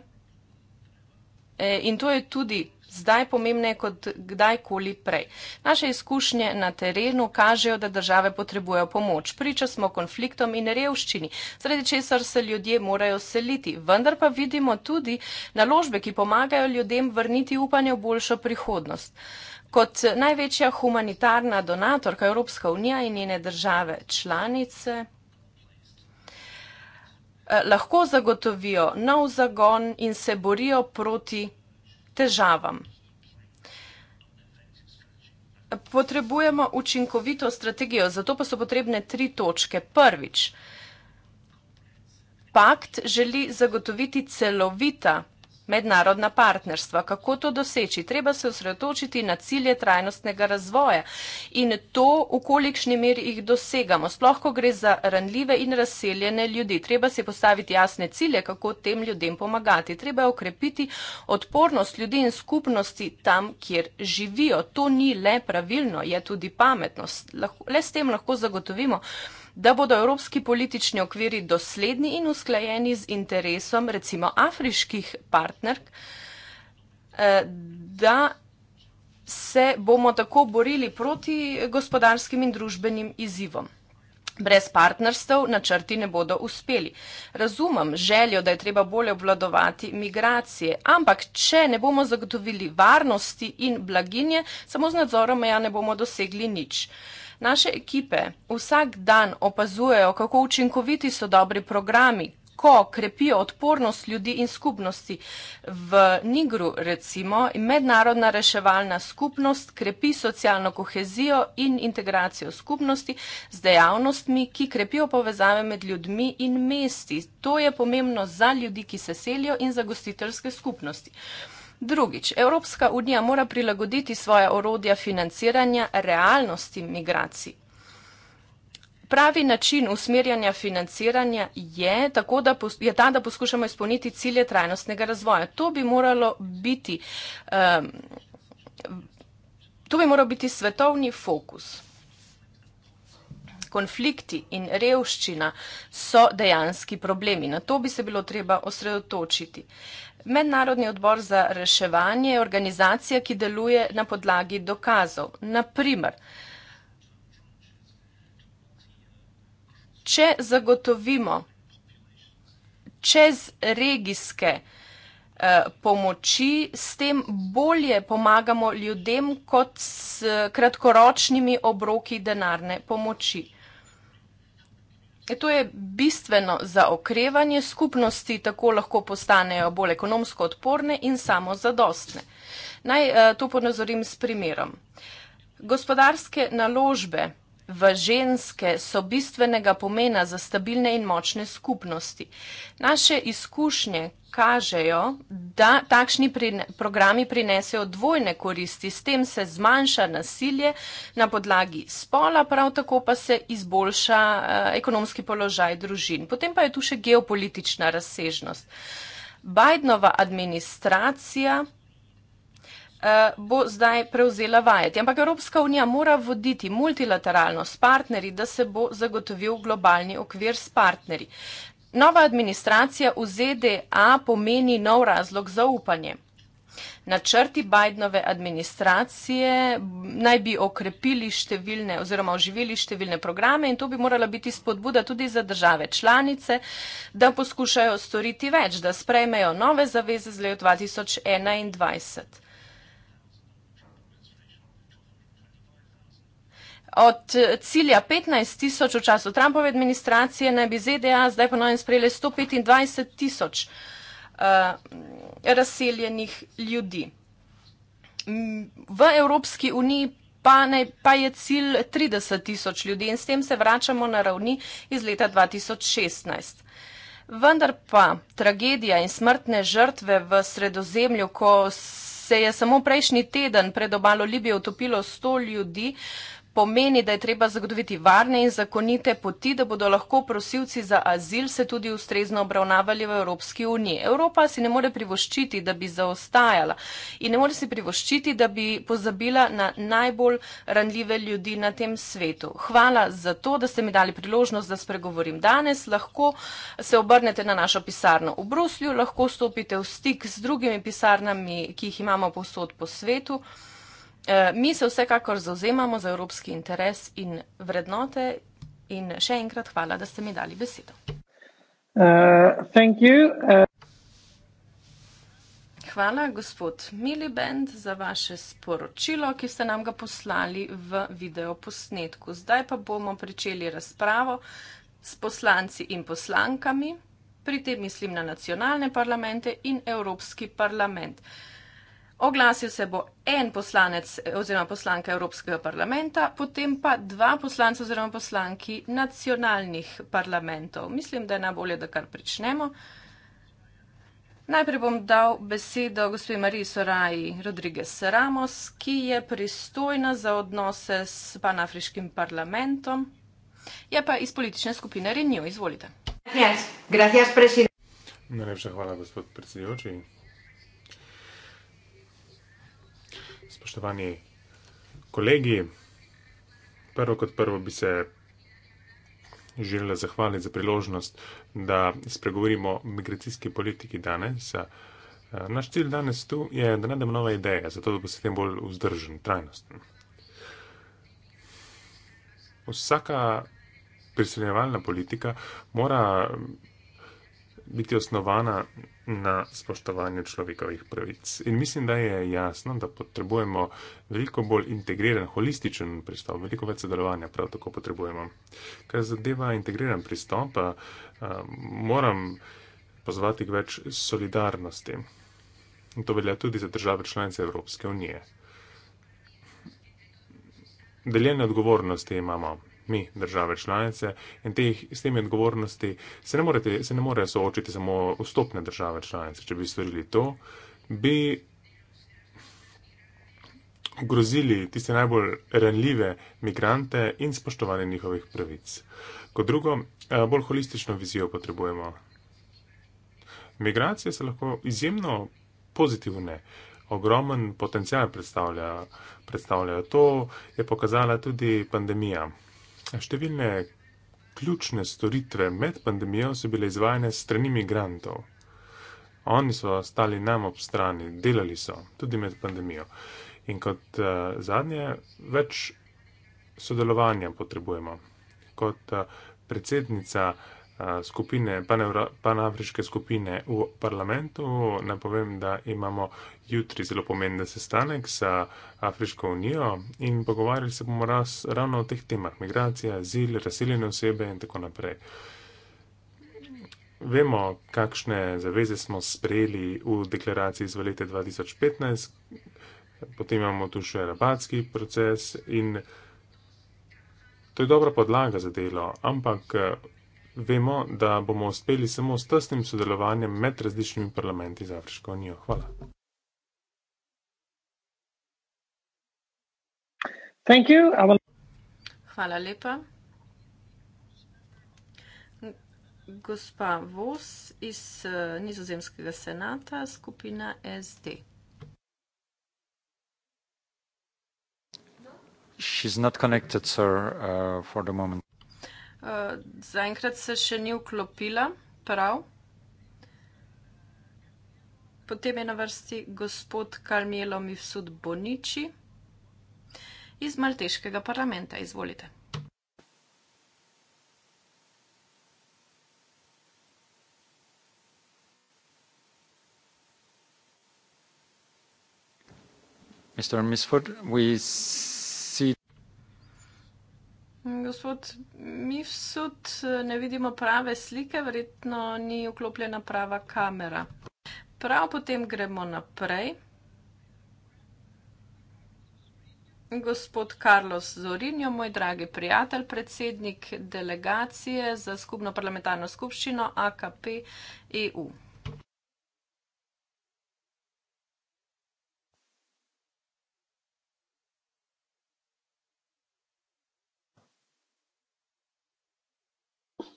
Eh, in to je tudi zdaj pomembneje kot kdajkoli prej. Naše izkušnje na terenu kažejo, da države potrebujejo pomoč. Priča smo konfliktom in revščini, zaradi česar se ljudje morajo seliti. Vendar pa vidimo tudi naložbe, ki pomagajo ljudem vrniti upanje v boljšo prihodnost. Kot največja humanitarna donatorka Evropska unija in njene države članice eh, lahko zagotovijo nov zagon in se borijo proti težavam. Potrebujemo učinkovito strategijo, zato pa so potrebne tri točke. Prvič, pakt želi zagotoviti celovita mednarodna partnerstva. Kako to doseči? Treba se osredotočiti na cilje trajnostnega razvoja in to, v kolikšni meri jih dosegamo. Sploh, ko gre za ranljive in razseljene ljudi, treba se postaviti jasne cilje, kako tem ljudem pomagati. Treba je okrepiti odpornost ljudi in skupnosti tam, kjer živijo. To ni le pravilno, je tudi pametnost. Le s tem lahko zagotovimo da bodo evropski politični okviri dosledni in usklajeni z interesom recimo afriških partnerk, eh, da se bomo tako borili proti gospodarskim in družbenim izzivom. Brez partnerstv načrti ne bodo uspeli. Razumem željo, da je treba bolje obvladovati migracije, ampak če ne bomo zagotovili varnosti in blaginje, samo z nadzorom meja ne bomo dosegli nič. Uh, Naše ekipe vsak dan opazujejo, kako učinkoviti so dobri programi, ko krepijo odpornost ljudi in skupnosti. V Nigru, recimo, mednarodna reševalna skupnost krepi socialno kohezijo in integracijo skupnosti z dejavnostmi, ki krepijo povezave med ljudmi in mesti. To je pomembno za ljudi, ki se selijo in za gostiteljske skupnosti. Drugič, Evropska unija mora prilagoditi svoja orodja financiranja realnosti migracij. Pravi način usmerjanja financiranja je, tako, da je ta, da poskušamo izpolniti cilje trajnostnega razvoja. To bi moralo biti, um, to bi moral biti svetovni fokus. Konflikti in revščina so dejanski problemi. Na to bi se bilo treba osredotočiti. Uh, Mednarodni odbor za reševanje je organizacija, ki deluje na podlagi dokazov. Naprimer, če zagotovimo čez regijske eh, pomoči, s tem bolje pomagamo ljudem kot s eh, kratkoročnimi obroki denarne pomoči. E, to je bistveno za okrevanje, skupnosti tako lahko postanejo bolj ekonomsko odporne in samozadostne. Naj e, to ponazorim s primerom. Gospodarske naložbe v ženske so bistvenega pomena za stabilne in močne skupnosti. Naše izkušnje, kažejo, da takšni programi prinesejo dvojne koristi. S tem se zmanjša nasilje na podlagi spola, prav tako pa se izboljša eh, ekonomski položaj družin. Potem pa je tu še geopolitična razsežnost. Bidenova administracija eh, bo zdaj prevzela vajeti. Ampak Evropska unija mora voditi multilateralno s partnerji, da se bo zagotovil globalni okvir s partnerji. Nova administracija v ZDA pomeni nov razlog za upanje. Načrti Bidenove administracije naj bi okrepili številne oziroma oživili številne programe in to bi morala biti spodbuda tudi za države članice, da poskušajo storiti več, da sprejmejo nove zaveze z leto 2021. Od eh, cilja 15 tisoč v času Trumpove administracije naj bi ZDA zdaj ponovno sprejeli 125 tisoč uh, razseljenih ljudi. V Evropski uniji pa, ne, pa je cilj 30 tisoč ljudi in s tem se vračamo na ravni iz leta 2016. Vendar pa tragedija in smrtne žrtve v sredozemlju, ko se je samo prejšnji teden pred obalo Libije utopilo 100 ljudi, uh, pomeni, da je treba zagotoviti varne in zakonite poti, da bodo lahko prosilci za azil se tudi ustrezno obravnavali v Evropski uniji. Evropa si ne more privoščiti, da bi zaostajala in ne more si privoščiti, da bi pozabila na najbolj ranljive ljudi na tem svetu. Hvala za to, da ste mi dali priložnost, da spregovorim danes. Lahko se obrnete na našo pisarno v Bruslju, lahko stopite v stik z drugimi pisarnami, ki jih imamo posod po svetu. Eh, mi se vsekakor zauzemamo za evropski interes in vrednote. In še enkrat hvala, da ste mi dali besedo. Uh, uh... Hvala, gospod Miliband, za vaše sporočilo, ki ste nam ga poslali v videoposnetku. Zdaj pa bomo pričeli razpravo s poslanci in poslankami, pri tem mislim na nacionalne parlamente in Evropski parlament. Uh, Oglasil se bo en poslanec eh, oziroma poslanka Evropskega parlamenta, potem pa dva poslanca oziroma poslanki nacionalnih parlamentov. Mislim, da je najbolje, da kar pričnemo. Najprej bom dal besedo gospe Mariji Soraji Rodriguez Ramos, ki je pristojna za odnose s panafriškim parlamentom. Je pa iz politične skupine Renew. Izvolite. Najlepša hvala, gospod predsedujoči. spoštovani kolegi. Prvo kot prvo bi se želela zahvaliti za priložnost, da spregovorimo o migracijski politiki danes. Naš cilj danes tu je, da najdemo nove ideje, zato da bo se tem bolj vzdržen, trajnosten. Vsaka priseljevalna politika mora biti osnovana na spoštovanju človekovih pravic. In mislim, da je jasno, da potrebujemo veliko bolj integriran, holističen pristop, veliko več sodelovanja prav tako potrebujemo. Kar zadeva integriran pristop, pa moram pozvati k več solidarnosti. In to velja tudi za države članice Evropske unije. Deljene odgovornosti imamo mi, države članice, in teh, s temi odgovornosti se ne, morete, se ne morejo soočiti samo vstopne države članice. Če bi storili to, bi ogrozili tiste najbolj renljive migrante in spoštovanje njihovih pravic. Kot drugo, eh, bolj holistično vizijo potrebujemo. Migracije se lahko izjemno pozitivne, ogromen potencial predstavlja. predstavljajo. To je pokazala tudi pandemija. Številne ključne storitve med pandemijo so bile izvajane strani migrantov. Oni so stali nam ob strani, delali so tudi med pandemijo. In kot uh, zadnje, več sodelovanja potrebujemo. Kot uh, predsednica uh, skupine, panafriške skupine v parlamentu. Napovem, da imamo jutri zelo pomemben sestanek s Afriško unijo in pogovarjali se bomo raz, ravno o teh temah - migracija, zil, razseljene osebe in tako naprej. Vemo, kakšne zaveze smo sprejeli v deklaraciji iz valete 2015, potem imamo tu še rabatski proces in to je dobra podlaga za delo, ampak vemo, da bomo uspeli samo s tesnim sodelovanjem med različnimi parlamenti za Afriško unijo. Hvala. Hvala lepa. Gospa Vos iz eh, Nizozemskega senata, skupina SD. She's not connected, sir, uh, for the moment. Eh, zaenkrat se še ni vklopila, prav. Potem je na vrsti gospod Karmelo Mifsud Boniči iz Malteškega parlamenta. Izvolite. Mr. Misford, we Gospod Mifsud, eh, ne vidimo prave slike, verjetno ni vklopljena prava kamera. Prav potem gremo naprej. Gospod Carlos Zorinjo, moj dragi prijatelj, predsednik delegacije za skupno parlamentarno skupščino AKP EU.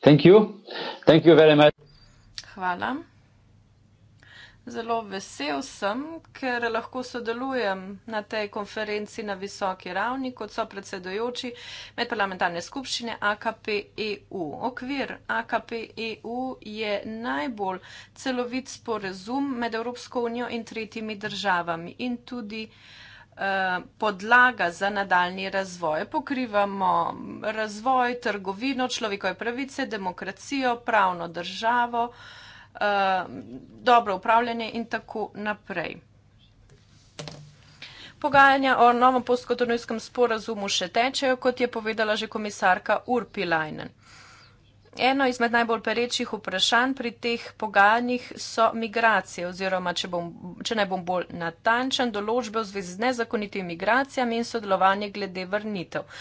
Thank you. Thank you Hvala. Zelo vesel sem, ker lahko sodelujem na tej konferenci na visoki ravni kot so predsedojoči medparlamentarne skupščine AKP-EU. Okvir AKP-EU je najbolj celovit sporezum med Evropsko unijo in tretjimi državami in tudi podlaga za nadaljni razvoj. Pokrivamo razvoj, trgovino, človekove pravice, demokracijo, pravno državo, eh, dobro upravljanje in tako naprej. Pogajanja o novem postkotonovskem sporazumu še tečejo, kot je povedala že komisarka Urpilajnen. Eno izmed najbolj perečih vprašanj pri teh pogajanjih so migracije oziroma, če, bom, če ne bom bolj natančen, določbe v zvezi z nezakonitimi migracijami in sodelovanje glede vrnitev.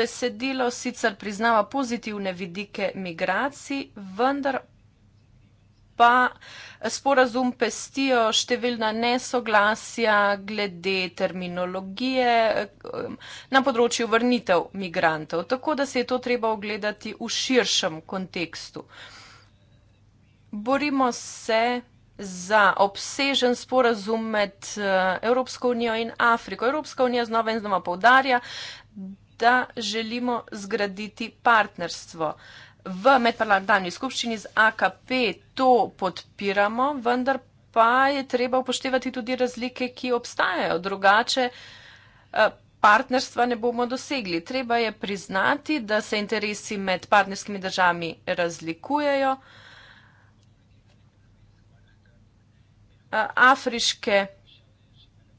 Besedilo sicer priznava pozitivne vidike migracij, vendar pa sporazum pestijo številna nesoglasja glede terminologije ehm, na področju vrnitev migrantov. Tako da se je to treba ogledati v širšem kontekstu. Borimo se za obsežen sporazum med eh, Evropsko unijo in Afriko. Evropska unija znova in znova povdarja, da želimo zgraditi partnerstvo v medparlamentarni skupščini z AKP to podpiramo, vendar pa je treba upoštevati tudi razlike, ki obstajajo. Drugače eh, partnerstva ne bomo dosegli. Treba je priznati, da se interesi med partnerskimi državami razlikujejo. Eh, afriške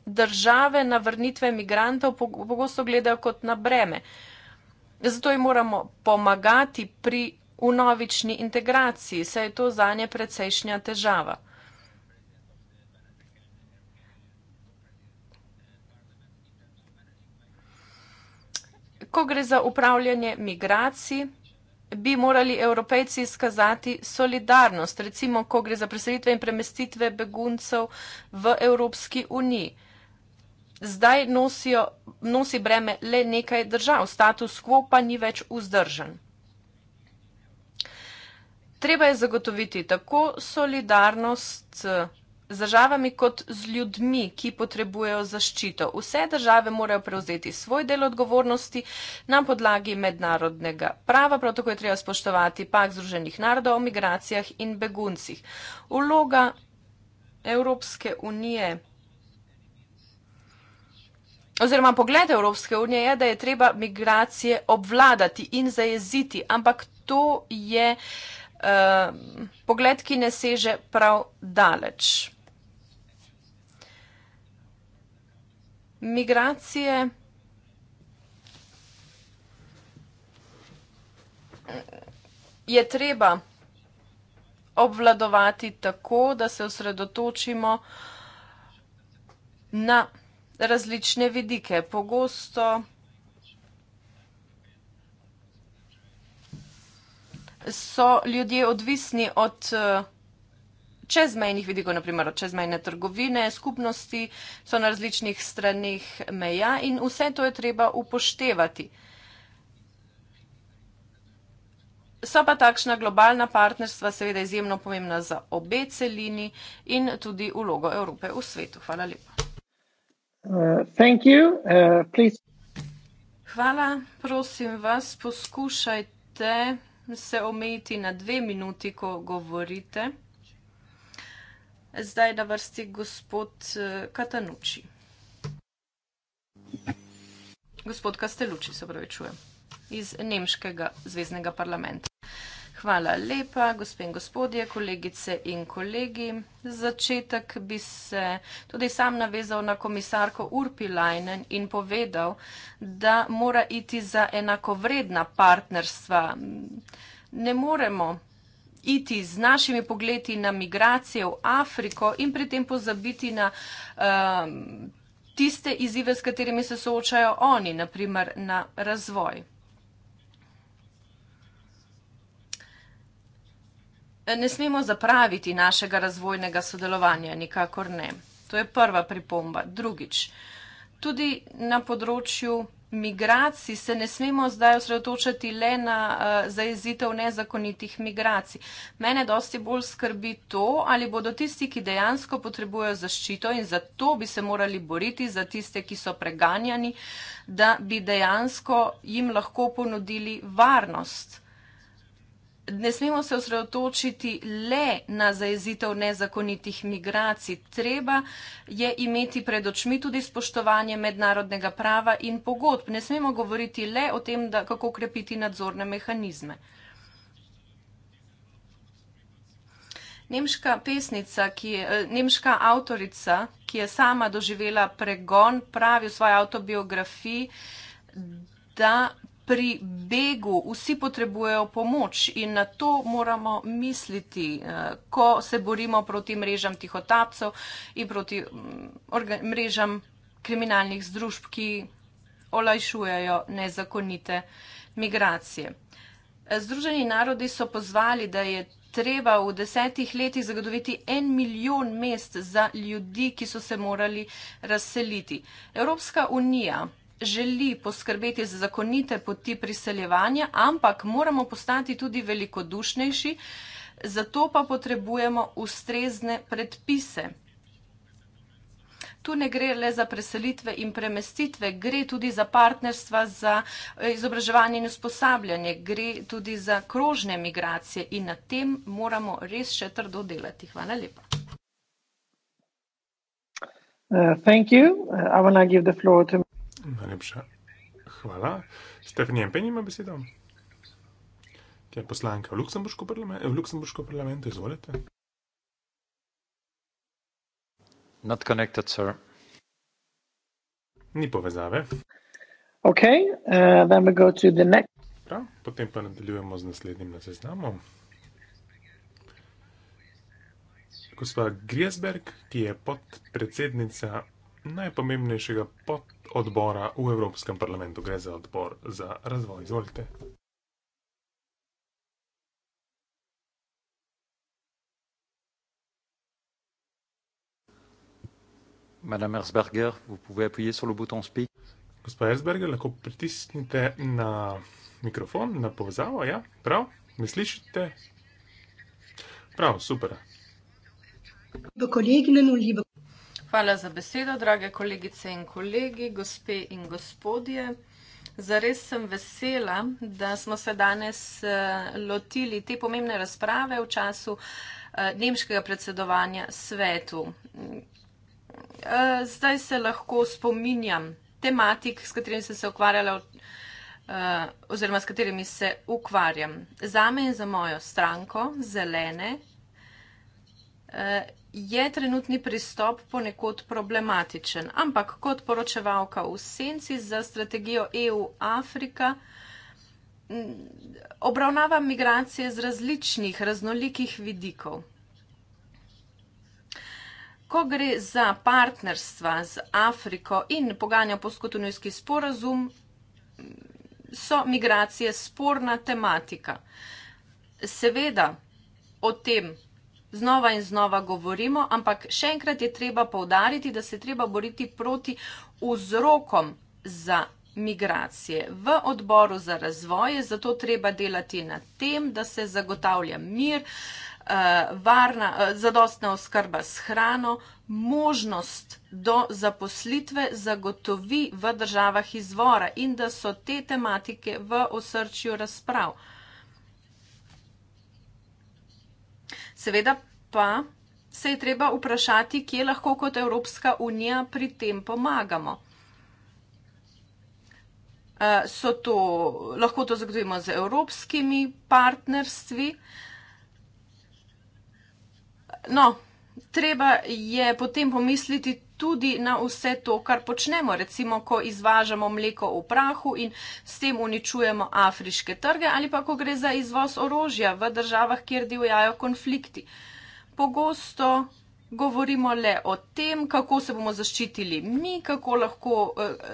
države na vrnitve imigrantov pogosto gledajo kot na breme. Zato jim moramo pomagati pri unovični integraciji, saj je to za nje precejšnja težava. Ko gre za upravljanje migracij, bi morali evropejci izkazati solidarnost, recimo, ko gre za preselitve in premestitve beguncev v Evropski uniji zdaj nosijo, nosi breme le nekaj držav, status quo pa ni več vzdržen. Treba je zagotoviti tako solidarnost eh, z državami kot z ljudmi, ki potrebujejo zaščito. Vse države morajo prevzeti svoj del odgovornosti na podlagi mednarodnega prava, prav tako je treba spoštovati pak Združenih narodov o migracijah in beguncih. Uloga Evropske unije oziroma pogled Evropske unije je, da je treba migracije obvladati in zajeziti, ampak to je uh, pogled, ki ne seže prav daleč. Migracije. Je treba obvladovati tako, da se osredotočimo na različne vidike. Pogosto so ljudje odvisni od eh, čezmejnih vidikov, naprimer od čezmejne trgovine, skupnosti, so na različnih stranih meja in vse to je treba upoštevati. So pa takšna globalna partnerstva seveda izjemno pomembna za obe celini in tudi vlogo Evrope v svetu. Hvala lepa thank you. Uh, Hvala, prosim vas, poskušajte se omejiti na dve minuti, ko govorite. Zdaj na vrsti gospod eh, Katanuči. Gospod Kasteluči, se pravi, čujem, iz Nemškega zvezdnega parlamenta. Uh, Hvala lepa, gospe in gospodje, kolegice in kolegi. Začetek bi se tudi sam navezal na komisarko Urpilajnen in povedal, da mora iti za enakovredna partnerstva. Ne moremo iti z našimi pogledi na migracije v Afriko in pri tem pozabiti na. Um, tiste izzive, s katerimi se soočajo oni, naprimer na razvoj. ne smemo zapraviti našega razvojnega sodelovanja, nikakor ne. To je prva pripomba. Drugič, tudi na področju migracij se ne smemo zdaj osredotočati le na uh, eh, zaezitev nezakonitih migracij. Mene dosti bolj skrbi to, ali bodo tisti, ki dejansko potrebujejo zaščito in zato bi se morali boriti za tiste, ki so preganjani, da bi dejansko jim lahko ponudili varnost ne smemo se osredotočiti le na zajezitev nezakonitih migracij. Treba je imeti pred očmi tudi spoštovanje mednarodnega prava in pogodb. Ne smemo govoriti le o tem, da, kako krepiti nadzorne mehanizme. Nemška pesnica, ki je, eh, nemška avtorica, ki je sama doživela pregon, pravi v svoji avtobiografiji, da pri begu vsi potrebujejo pomoč in na to moramo misliti, eh, ko se borimo proti mrežam tihotapcev in proti mm, mrežam kriminalnih združb, ki olajšujejo nezakonite migracije. Eh, Združeni narodi so pozvali, da je treba v desetih letih zagotoviti en milijon mest za ljudi, ki so se morali razseliti. Evropska unija želi poskrbeti za zakonite poti priseljevanja, ampak moramo postati tudi velikodušnejši, zato pa potrebujemo ustrezne predpise. Tu ne gre le za preselitve in premestitve, gre tudi za partnerstva, za eh, izobraževanje in usposabljanje, gre tudi za krožne migracije in na tem moramo res še trdo delati. Hvala lepa. Uh, thank you. Uh, I want to give the floor to Najlepša hvala. Stefan Jempen ima besedo. Ki je poslanka v Luksemburško parlamentu, parlamentu, izvolite. Not connected, sir. Ni povezave. Okay, uh, we go to the next. Prav, potem pa nadaljujemo z naslednjim na seznamu. Gospa Griesberg, ki je podpredsednica najpomembnejšega pod odbora v Evropskem parlamentu, gre za odbor za razvoj. Izvolite. Madame Erzberger, vous pouvez appuyer sur le bouton speak. Gospod Erzberger, lahko pritisnite na mikrofon, na povezavo, ja? Prav? Me slišite? Prav, super. Liebe Kolleginnen und liebe Hvala za besedo, drage kolegice in kolegi, gospe in gospodje. Zares sem vesela, da smo se danes eh, lotili te pomembne razprave v času eh, nemškega predsedovanja svetu. Eh, zdaj se lahko spominjam tematik, s katerim sem se ukvarjala oziroma s katerimi se ukvarjam. Zame in za mojo stranko, zelene, je trenutni pristop ponekod problematičen, ampak kot poročevalka v senci za strategijo EU-Afrika mm, obravnava migracije z različnih, raznolikih vidikov. Ko gre za partnerstva z Afriko in poganja postkotunijski sporazum, so migracije sporna tematika. Seveda o tem znova in znova govorimo, ampak še enkrat je treba povdariti, da se treba boriti proti vzrokom za migracije. V odboru za razvoj je zato treba delati na tem, da se zagotavlja mir, eh, varna, eh, zadostna oskrba s hrano, možnost do zaposlitve zagotovi v državah izvora in da so te tematike v osrčju razprav. Seveda pa se je treba vprašati, kje lahko kot Evropska unija pri tem pomagamo. Eh, to, lahko to zagotovimo z evropskimi partnerstvi. No, treba je potem pomisliti tudi na vse to, kar počnemo. Recimo, ko izvažamo mleko v prahu in s tem uničujemo afriške trge ali pa ko gre za izvoz orožja v državah, kjer divjajo konflikti. Pogosto govorimo le o tem, kako se bomo zaščitili mi, kako lahko eh,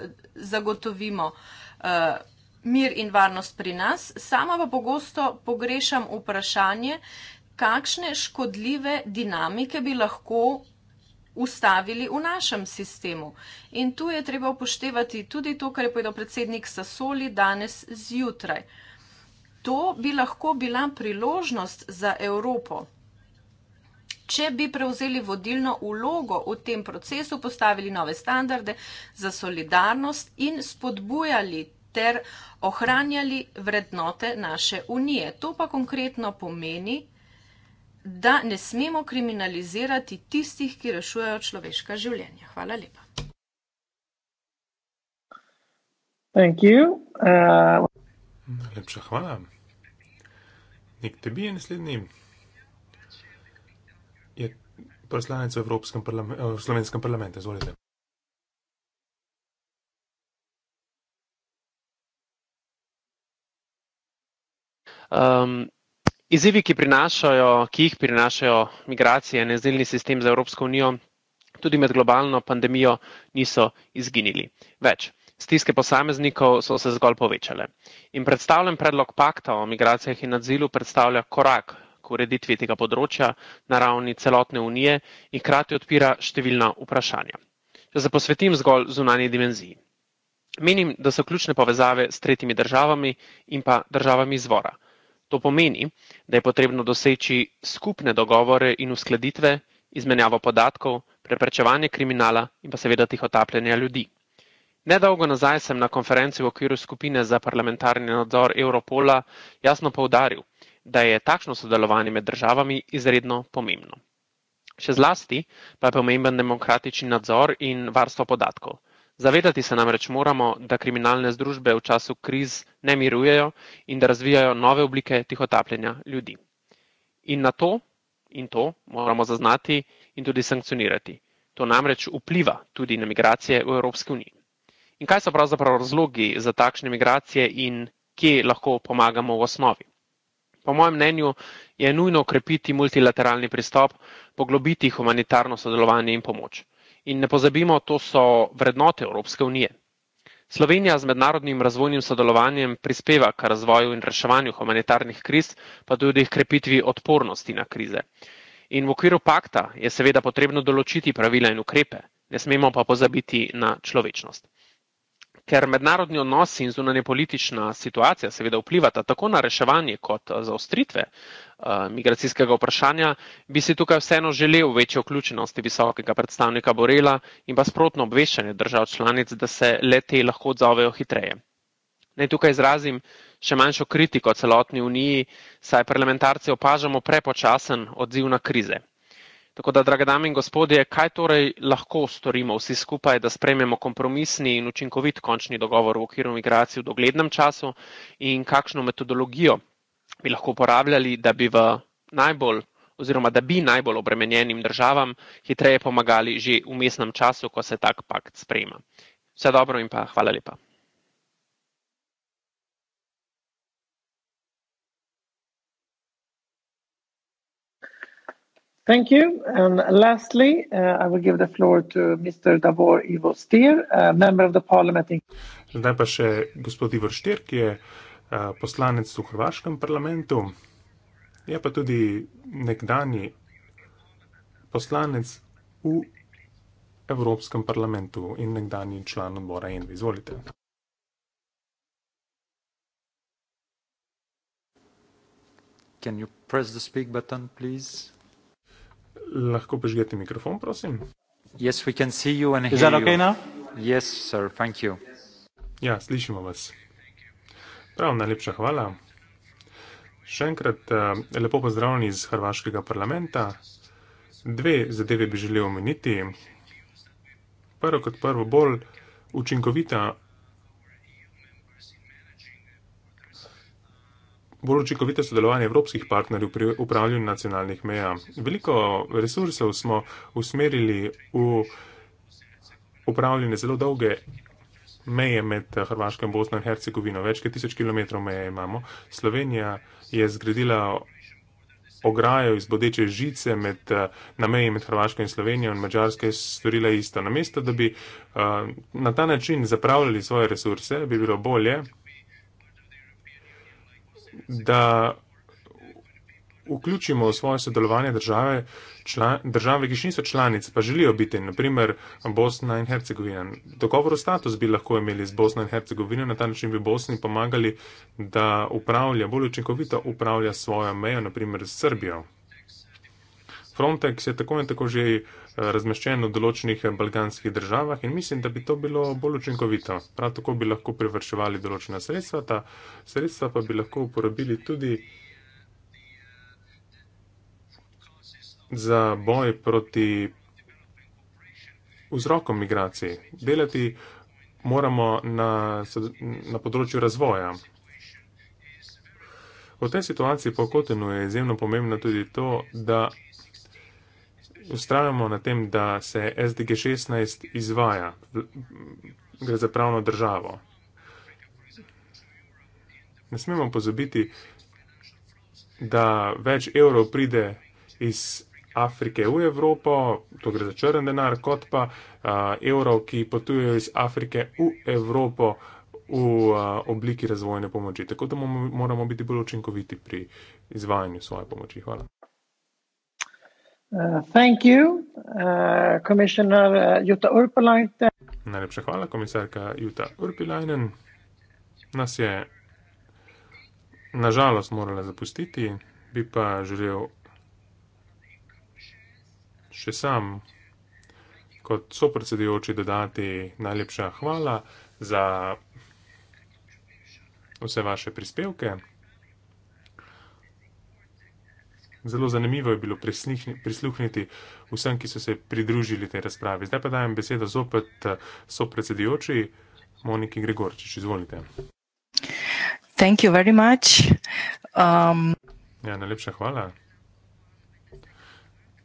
zagotovimo eh, mir in varnost pri nas. Sama pa pogosto pogrešam vprašanje, kakšne škodljive dinamike bi lahko ustavili v našem sistemu. In tu je treba upoštevati tudi to, kar je povedal predsednik Sasoli danes zjutraj. To bi lahko bila priložnost za Evropo. Če bi prevzeli vodilno ulogo v tem procesu, postavili nove standarde za solidarnost in spodbujali ter ohranjali vrednote naše unije. To pa konkretno pomeni, da ne smemo kriminalizirati tistih, ki rešujejo človeška življenja. Hvala lepa. Uh, Najlepša uh... hvala. Nek tebi je naslednji. Je poslanec v, parlamen, eh, v slovenskem parlamentu, izvolite. Um, Izzivi, ki, prinašajo, ki jih prinašajo migracije in azilni sistem za Evropsko unijo, tudi med globalno pandemijo niso izginili. Več, stiske posameznikov so se zgolj povečale. In predstavljen predlog pakta o migracijah in nadzilu predstavlja korak k ureditvi tega področja na ravni celotne unije in hkrati odpira številna vprašanja. Če se posvetim zgolj zunanji dimenziji. Menim, da so ključne povezave s tretjimi državami in pa državami izvora. To pomeni, da je potrebno doseči skupne dogovore in uskladitve, izmenjavo podatkov, preprečevanje kriminala in pa seveda tih otapljanja ljudi. Nedolgo nazaj sem na konferenci v okviru skupine za parlamentarni nadzor Europola jasno povdaril, da je takšno sodelovanje med državami izredno pomembno. Še zlasti pa je pomemben demokratični nadzor in varstvo podatkov. Zavedati se namreč moramo, da kriminalne združbe v času kriz ne mirujejo in da razvijajo nove oblike tihotapljenja ljudi. In na to in to moramo zaznati in tudi sankcionirati. To namreč vpliva tudi na migracije v Evropski uniji. In kaj so pravzaprav razlogi za takšne migracije in kje lahko pomagamo v osnovi? Po mojem mnenju je nujno ukrepiti multilateralni pristop, poglobiti humanitarno sodelovanje in pomoč. In ne pozabimo, to so vrednote Evropske unije. Slovenija z mednarodnim razvojnim sodelovanjem prispeva k razvoju in reševanju humanitarnih kriz, pa tudi k krepitvi odpornosti na krize. In v okviru pakta je seveda potrebno določiti pravila in ukrepe, ne smemo pa pozabiti na človečnost. Ker mednarodni odnosi in zunanje politična situacija seveda vplivata tako na reševanje kot eh, zaostritve eh, migracijskega vprašanja, bi si tukaj vseeno želel večjo vključenosti visokega predstavnika Borela in pa sprotno obveščanje držav članic, da se le te lahko odzovejo hitreje. Naj tukaj izrazim še manjšo kritiko celotni uniji, saj parlamentarci opažamo prepočasen odziv na krize. Tako da, drage dame in gospodje, kaj torej lahko storimo vsi skupaj, da sprejmemo kompromisni in učinkovit končni dogovor v okviru migracij v doglednem času in kakšno metodologijo bi lahko uporabljali, da bi v najbolj oziroma da bi najbolj obremenjenim državam hitreje pomagali že v mestnem času, ko se tak pakt sprejema. Vse dobro in pa hvala lepa. Thank you. Lastly, uh, I will give the floor to Mr. Davor Ivo Stier, uh, member of the parliament in. Zdaj pa še gospod Ivo Stier, ki je uh, poslanec v hrvaškem parlamentu, je pa tudi nekdani poslanec v Evropskem parlamentu in nekdani član odbora Envi. Izvolite. Can you press the speak button, please? Lahko prižgete mikrofon, prosim? Yes, we can see you and hear you. Is that okay now? Yes, sir, thank you. Ja, slišimo vas. Prav, najlepša hvala. Še enkrat eh, lepo pozdravljeni iz Hrvaškega parlamenta. Dve zadeve bi želel omeniti. Prvo kot prvo, bolj učinkovita bolj očikovito sodelovanje evropskih partnerjev pri upravljanju nacionalnih meja. Veliko resursov smo usmerili v upravljanje zelo dolge meje med Hrvaško in Bosno in Hercegovino. Več kot tisoč kilometrov meje imamo. Slovenija je zgradila ograjo iz bodeče žice med, na meji med Hrvaško in Slovenijo in Mačarska je storila isto. Namesto, da bi uh, na ta način zapravljali svoje resurse, bi bilo bolje, da vključimo v svoje sodelovanje države, član, države, ki še niso članice, pa želijo biti, naprimer Bosna in Hercegovina. Dogovor o status bi lahko imeli z Bosno in Hercegovino, na ta način bi Bosni pomagali, da upravlja, bolj učinkovito upravlja svojo mejo, naprimer s Srbijo. Frontex je tako in tako že uh, Eh, razmeščen v določenih eh, balkanskih državah in mislim, da bi to bilo bolj učinkovito. Prav tako bi lahko privrševali določena sredstva, ta sredstva pa bi lahko uporabili tudi za boj proti vzrokom migracij. Delati moramo na, na področju razvoja. V tej situaciji po Kotenu je izjemno pomembno tudi to, da ustrajamo na tem, da se SDG 16 izvaja, gre za pravno državo. Ne smemo pozabiti, da več evrov pride iz Afrike v Evropo, to gre za črn denar, kot pa uh, evrov, ki potujejo iz Afrike v Evropo v uh, obliki razvojne pomoči. Tako da moramo biti bolj učinkoviti pri izvajanju svoje pomoči. Hvala. Uh, thank you, uh, uh, Jutta Urpilainen. Najlepša hvala, komisarka Jutta Urpilainen. Nas je nažalost morala zapustiti, bi pa želel še sam kot sopredsedujoči dodati najlepša hvala za vse vaše prispevke. Zelo zanimivo je bilo prisluhniti vsem, ki so se pridružili tej razpravi. Zdaj pa dajem besedo zopet eh, so predsedujoči Moniki Gregorčič. Izvolite. Thank you very much. Um... Ja, najlepša hvala.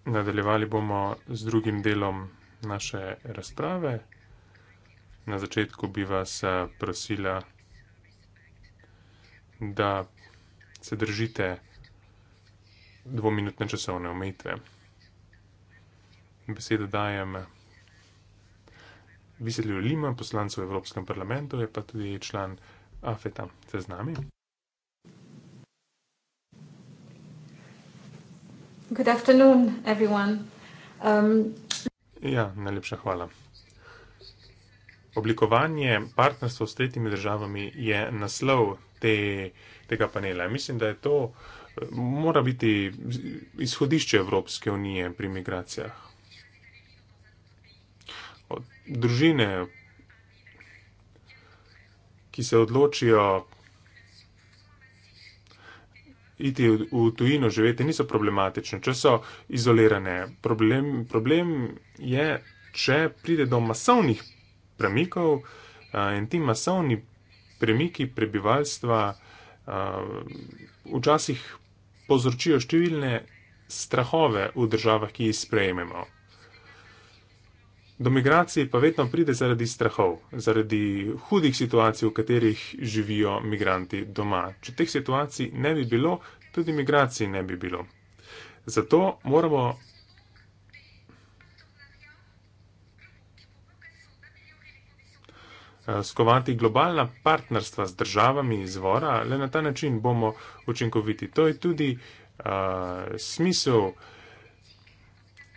Nadaljevali bomo z drugim delom naše razprave. Na začetku bi vas eh, prosila, da se držite dvominutne časovne omejitve. Besedo dajem Viselju Lima, poslancu v Evropskem parlamentu, je pa tudi član AFETA. Se z nami. Good afternoon, everyone. Um... Ja, najlepša hvala. Oblikovanje partnerstva s tretjimi državami je naslov te, tega panela. Mislim, da je to uh, mora biti izhodišče Evropske unije pri migracijah. Družine, ki se odločijo iti v tujino živeti, niso problematične, če so izolirane. Problem, problem je, če pride do masovnih premikov in ti masovni premiki prebivalstva včasih povzročijo številne strahove v državah, ki jih sprejmemo. Do migracije pa vedno pride zaradi strahov, zaradi hudih situacij, v katerih živijo migranti doma. Če teh situacij ne bi bilo, tudi migracij ne bi bilo. Zato moramo Eh, skovati globalna partnerstva z državami izvora, le na ta način bomo učinkoviti. To je tudi a, eh, smisel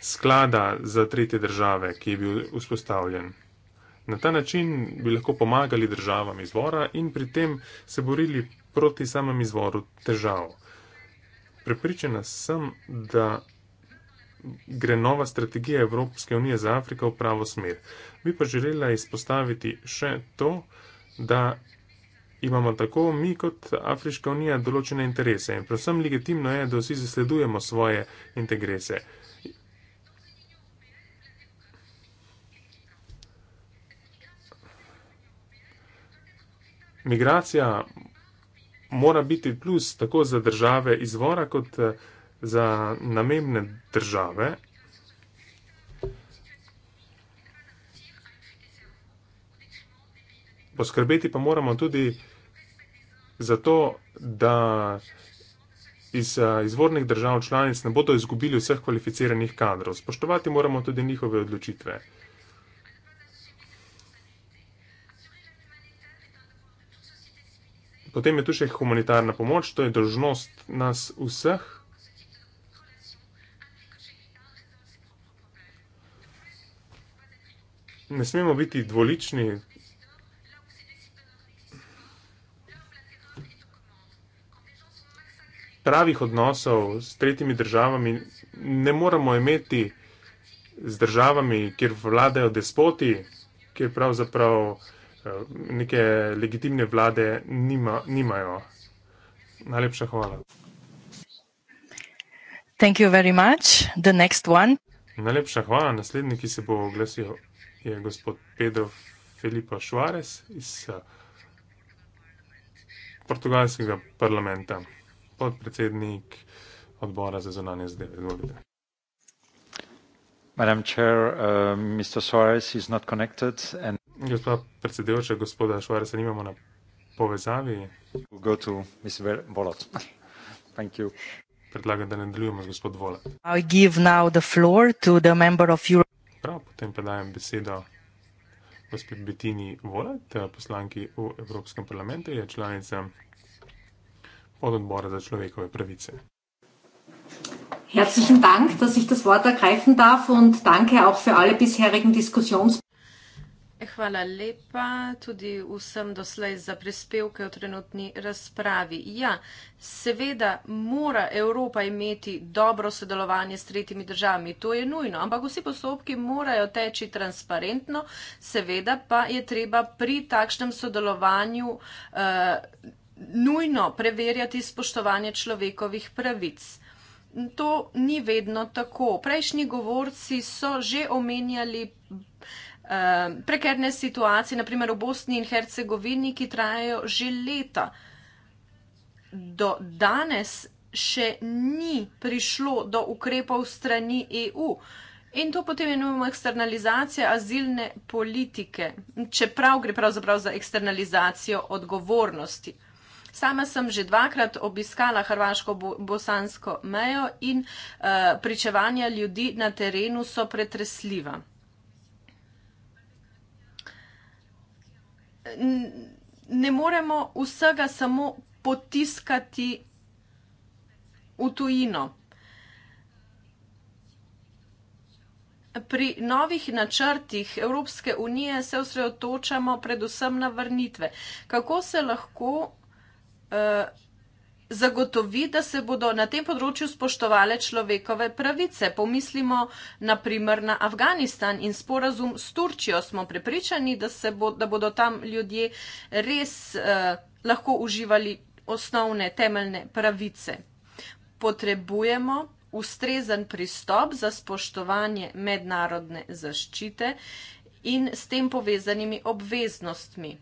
sklada za tretje države, ki je bil vzpostavljen. Na ta način bi lahko pomagali državam izvora in pri tem se borili proti samem izvoru težav. Prepričana sem, da gre nova strategija Evropske unije za Afriko v pravo smer. Bi pa želela izpostaviti še to, da imamo tako mi kot Afriška unija določene interese in predvsem legitimno je, da vsi zasledujemo svoje interese. Migracija mora biti plus tako za države izvora kot uh, za namembne države. Poskrbeti pa moramo tudi za to, da iz eh, izvornih držav članic ne bodo izgubili vseh kvalificiranih kadrov. Spoštovati moramo tudi njihove odločitve. Potem je tu še humanitarna pomoč, to je dožnost nas vseh. ne smemo biti dvolični. Pravih odnosov s tretjimi državami ne moramo imeti z državami, kjer vladajo despoti, kjer pravzaprav eh, neke legitimne vlade nima, nimajo. Najlepša hvala. Thank you very much. The next one. Najlepša hvala, naslednji, ki se bo oglasil je gospod Pedro Felipe Suarez iz eh, portugalskega parlamenta, podpredsednik odbora za zunanje zadeve. Izvolite. Madam Chair, uh, Mr. Suarez is not connected. And... Gospod predsedujoča, gospoda Suareza nimamo na povezavi. We'll go to Ms. Bolot. Thank you. Predlagam, da nadaljujemo z gospod Volat. I give now the floor to the member of Europe. Prav, potem predajam besedo gospod Bettini Volat, poslanki v Evropskem parlamentu, je članica pododbora za človekove pravice. Herzlichen Dank, dass ich das Wort ergreifen darf und danke auch für alle bisherigen Diskussions. Hvala lepa tudi vsem doslej za prispevke v trenutni razpravi. Ja, seveda mora Evropa imeti dobro sodelovanje s tretjimi državami, to je nujno, ampak vsi postopki morajo teči transparentno, seveda pa je treba pri takšnem sodelovanju. Uh, Nujno preverjati spoštovanje človekovih pravic. To ni vedno tako. Prejšnji govorci so že omenjali um, prekerne situacije, naprimer v Bosni in Hercegovini, ki trajajo že leta. Do danes še ni prišlo do ukrepov strani EU. In to potem imenujemo eksternalizacija azilne politike, čeprav gre pravzaprav za eksternalizacijo odgovornosti. Sama sem že dvakrat obiskala hrvaško-bosansko mejo in uh, pričevanja ljudi na terenu so pretresljiva. ne moremo vsega samo potiskati v tujino. Pri novih načrtih Evropske unije se osredotočamo predvsem na vrnitve. Kako se lahko uh, zagotovi, da se bodo na tem področju spoštovale človekove pravice. Pomislimo naprimer na Afganistan in sporazum s Turčijo. Smo prepričani, da, bo, da bodo tam ljudje res eh, lahko uživali osnovne temeljne pravice. Potrebujemo ustrezen pristop za spoštovanje mednarodne zaščite in s tem povezanimi obveznostmi.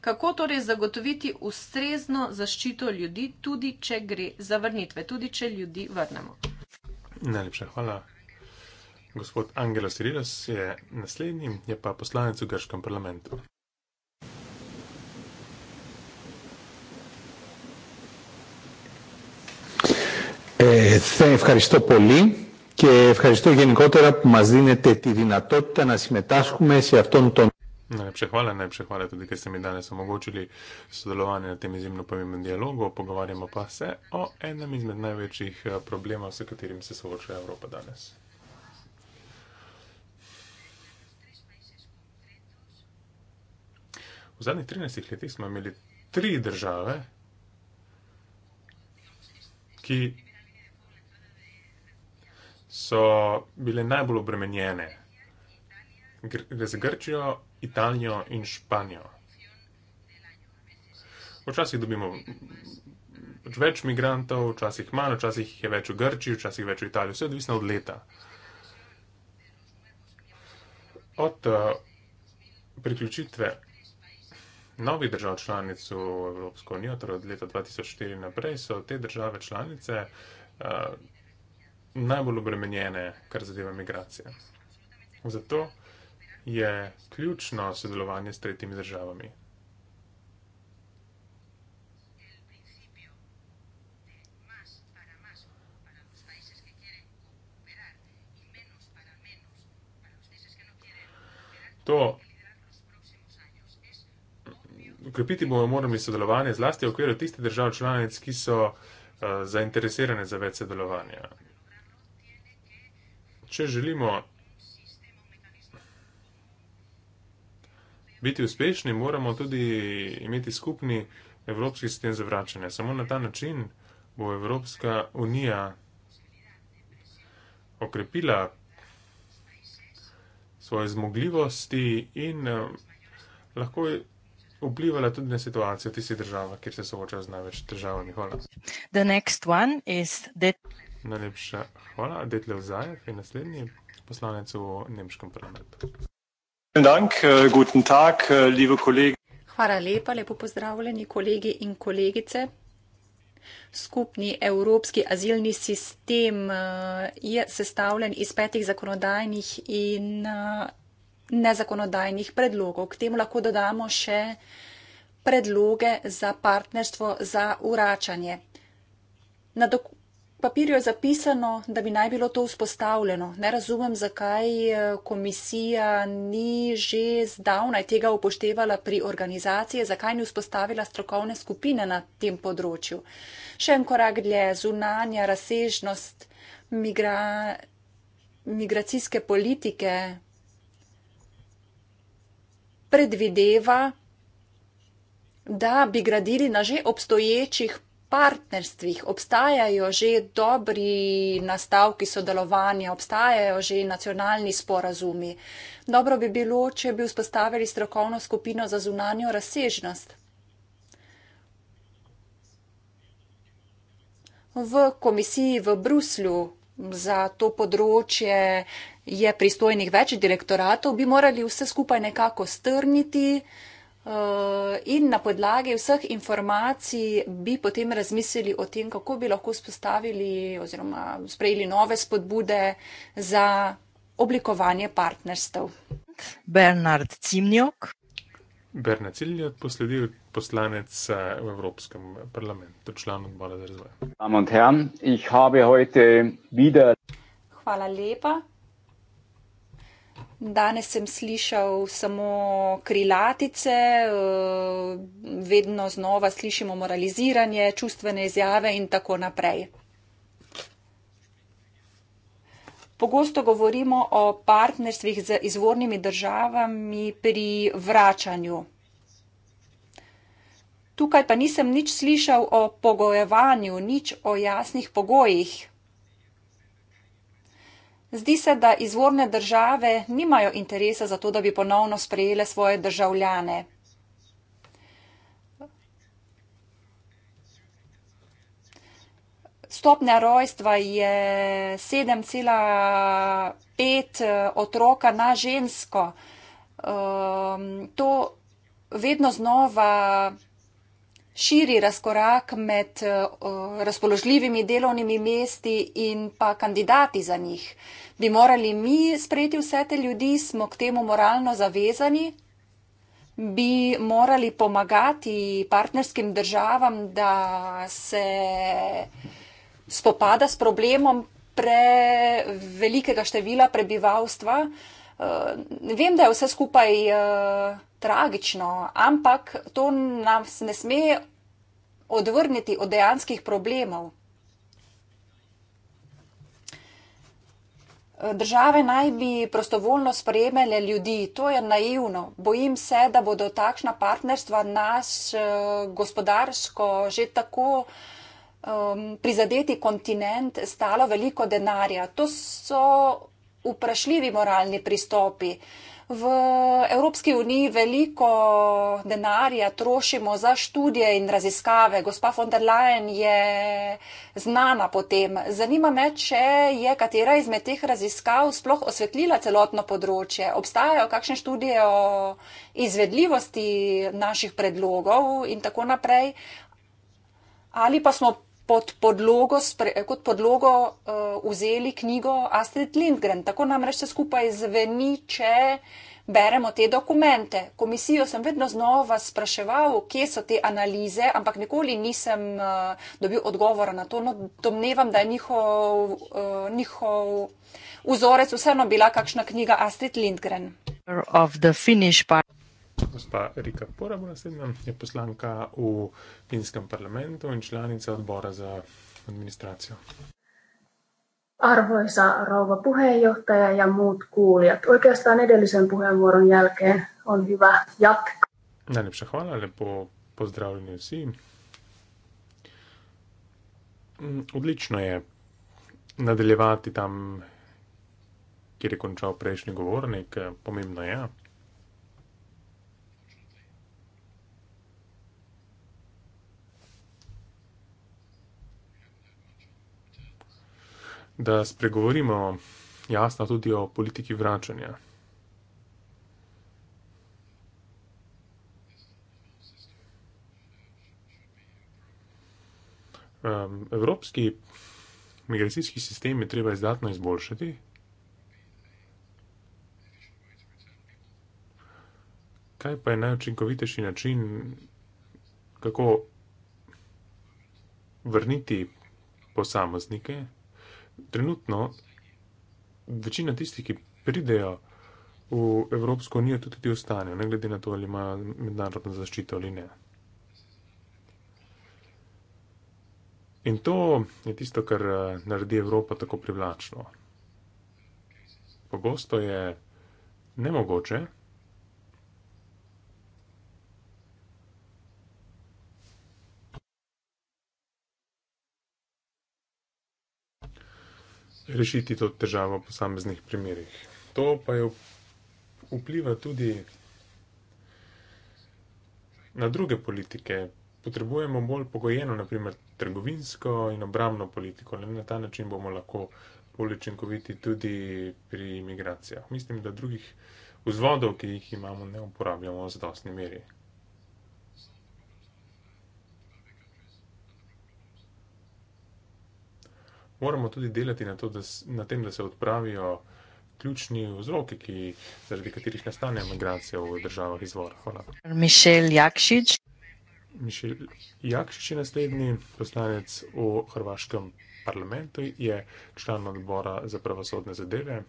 Kako torej zagotoviti ustrezno zaščito ljudi, tudi če gre za vrnitve, tudi če ljudi vrnemo? Najlepša hvala. Gospod Angelo Sirilas je naslednji, je pa poslanec v grškem parlamentu. Θα ευχαριστώ πολύ και ευχαριστώ γενικότερα που μας δίνετε τη δυνατότητα να συμμετάσχουμε σε αυτόν τον Najlepše hvala, najlepše hvala tudi, ker ste mi danes omogočili sodelovanje na tem izjemno pomembnem dialogu. Pogovarjamo pa se o enem izmed največjih eh, problemov, s katerim se sooča Evropa danes. V zadnjih 13 letih smo imeli tri države, ki so bile najbolj obremenjene. Gre za Grčijo, Italijo in Španijo. Včasih dobimo pač več migrantov, včasih manj, včasih je več v Grčiji, včasih več v Italiji, vse odvisno od leta. Od eh, priključitve novih držav članic v Evropsko unijo, torej od leta 2004 naprej, so te države članice eh, najbolj obremenjene, kar zadeva migracije. Zato je ključno sodelovanje s tretjimi državami. To, ukrepiti bomo morali sodelovanje zlasti v okviru tistih držav članic, ki so uh, zainteresirane za več sodelovanja. Če želimo biti uspešni, moramo tudi imeti skupni evropski sistem zavračanja. Samo na ta način bo Evropska unija okrepila svoje zmogljivosti in eh, lahko vplivala tudi na situacijo tisti država, kjer se sooča z največ državami. Hvala. Najlepša hvala. Detlev Zajev je naslednji poslanec v nemškem parlamentu. Vielen Dank, äh, guten Tag, äh, liebe Kollegen. Hvala lepa, lepo pozdravljeni kolegi in kolegice. Skupni evropski azilni sistem äh, je sestavljen iz petih zakonodajnih in nezakonodajnih predlogov. K temu lahko dodamo še predloge za partnerstvo za uračanje. Na papirju je zapisano, da bi naj bilo to vzpostavljeno. Ne razumem, zakaj eh, komisija ni že zdavnaj tega upoštevala pri organizaciji, zakaj ni vzpostavila strokovne skupine na tem področju. Še en korak dlje, zunanja razsežnost migra, migracijske politike predvideva, da bi gradili na že obstoječih partnerstvih, obstajajo že dobri nastavki sodelovanja, obstajajo že nacionalni sporazumi. Dobro bi bilo, če bi vzpostavili strokovno skupino za zunanjo razsežnost. V komisiji v Bruslju za to področje je pristojnih več direktoratov, bi morali vse skupaj nekako strniti. Eh, in na podlagi vseh informacij bi potem razmislili o tem, kako bi lahko spostavili oziroma sprejeli nove spodbude za oblikovanje partnerstv. Bernard Cimnjok. Bernard Cimnjok, posledil poslanec eh, v Evropskem parlamentu, član odbora za razvoj. Hvala lepa. Danes sem slišal samo krilatice, eh, vedno znova slišimo moraliziranje, čustvene izjave in tako naprej. Pogosto govorimo o partnerstvih z izvornimi državami pri vračanju. Tukaj pa nisem nič slišal o pogojevanju, nič o jasnih pogojih. Zdi se, da izvorne države nimajo interesa za to, da bi ponovno sprejele svoje državljane. Stopnja rojstva je 7,5 eh, otroka na žensko. Ehm, to vedno znova širi razkorak med uh, razpoložljivimi delovnimi mesti in pa kandidati za njih. Bi morali mi sprejeti vse te ljudi, smo k temu moralno zavezani, bi morali pomagati partnerskim državam, da se spopada s problemom prevelikega števila prebivalstva. Uh, Eh, vem, da je vse skupaj uh, tragično, ampak to nas ne sme odvrniti od dejanskih problemov. Eh, države naj bi prostovoljno sprejemele ljudi, to je naivno. Bojim se, da bodo takšna partnerstva nas gospodarsko že tako um, prizadeti kontinent stalo veliko denarja. To so vprašljivi moralni pristopi. V Evropski uniji veliko denarja trošimo za študije in raziskave. Gospa von der Leyen je znana potem. Zanima me, če je katera izmed teh raziskav sploh osvetlila celotno področje. Obstajajo kakšne študije o izvedljivosti naših predlogov in tako naprej? Ali pa smo pod podlogo, kot podlogo uh, vzeli knjigo Astrid Lindgren. Tako namreč se skupaj zveni, če beremo te dokumente. Komisijo sem vedno znova spraševal, kje so te analize, ampak nikoli nisem uh, dobil odgovora na to. No, domnevam, da je njihov, uh, njihov vzorec vseeno bila kakšna knjiga Astrid Lindgren gospa Rika Pora, bo naslednja, je poslanka v finskem parlamentu in članica odbora za administracijo. Arvoisa rouva puheenjohtaja ja muut kuulijat. Oikeastaan edellisen puheenvuoron jälkeen on hyvä jatkaa. Najlepša hvala, lepo pozdravljeni vsi. Mm, odlično je nadaljevati tam, kjer je končal prejšnji govornik, pomembno je. da spregovorimo jasno tudi o politiki vračanja. Um, evropski migracijski sistem je treba izdatno izboljšati. Kaj pa je najučinkovitejši način, kako vrniti posameznike? trenutno večina tistih, ki pridejo v Evropsko unijo, tudi ti ostanejo, ne glede na to, ali imajo mednarodno zaščito ali ne. In to je tisto, kar eh, naredi Evropo tako privlačno. Pogosto je nemogoče. rešiti to težavo v posameznih primerjih. To pa je vpliva tudi na druge politike. Potrebujemo bolj pogojeno, naprimer, trgovinsko in obramno politiko. Le na ta način bomo lahko bolj učinkoviti tudi pri imigracijah. Mislim, da drugih vzvodov, ki jih imamo, ne uporabljamo v zadostni meri. moramo tudi delati na, to, da, na tem, da se odpravijo ključni vzroki, ki, zaradi katerih nastane migracija v državah izvora. Hvala. Mišel Jakšič. Mišel Jakšič je naslednji poslanec v Hrvaškem parlamentu, je član odbora za pravosodne zadeve.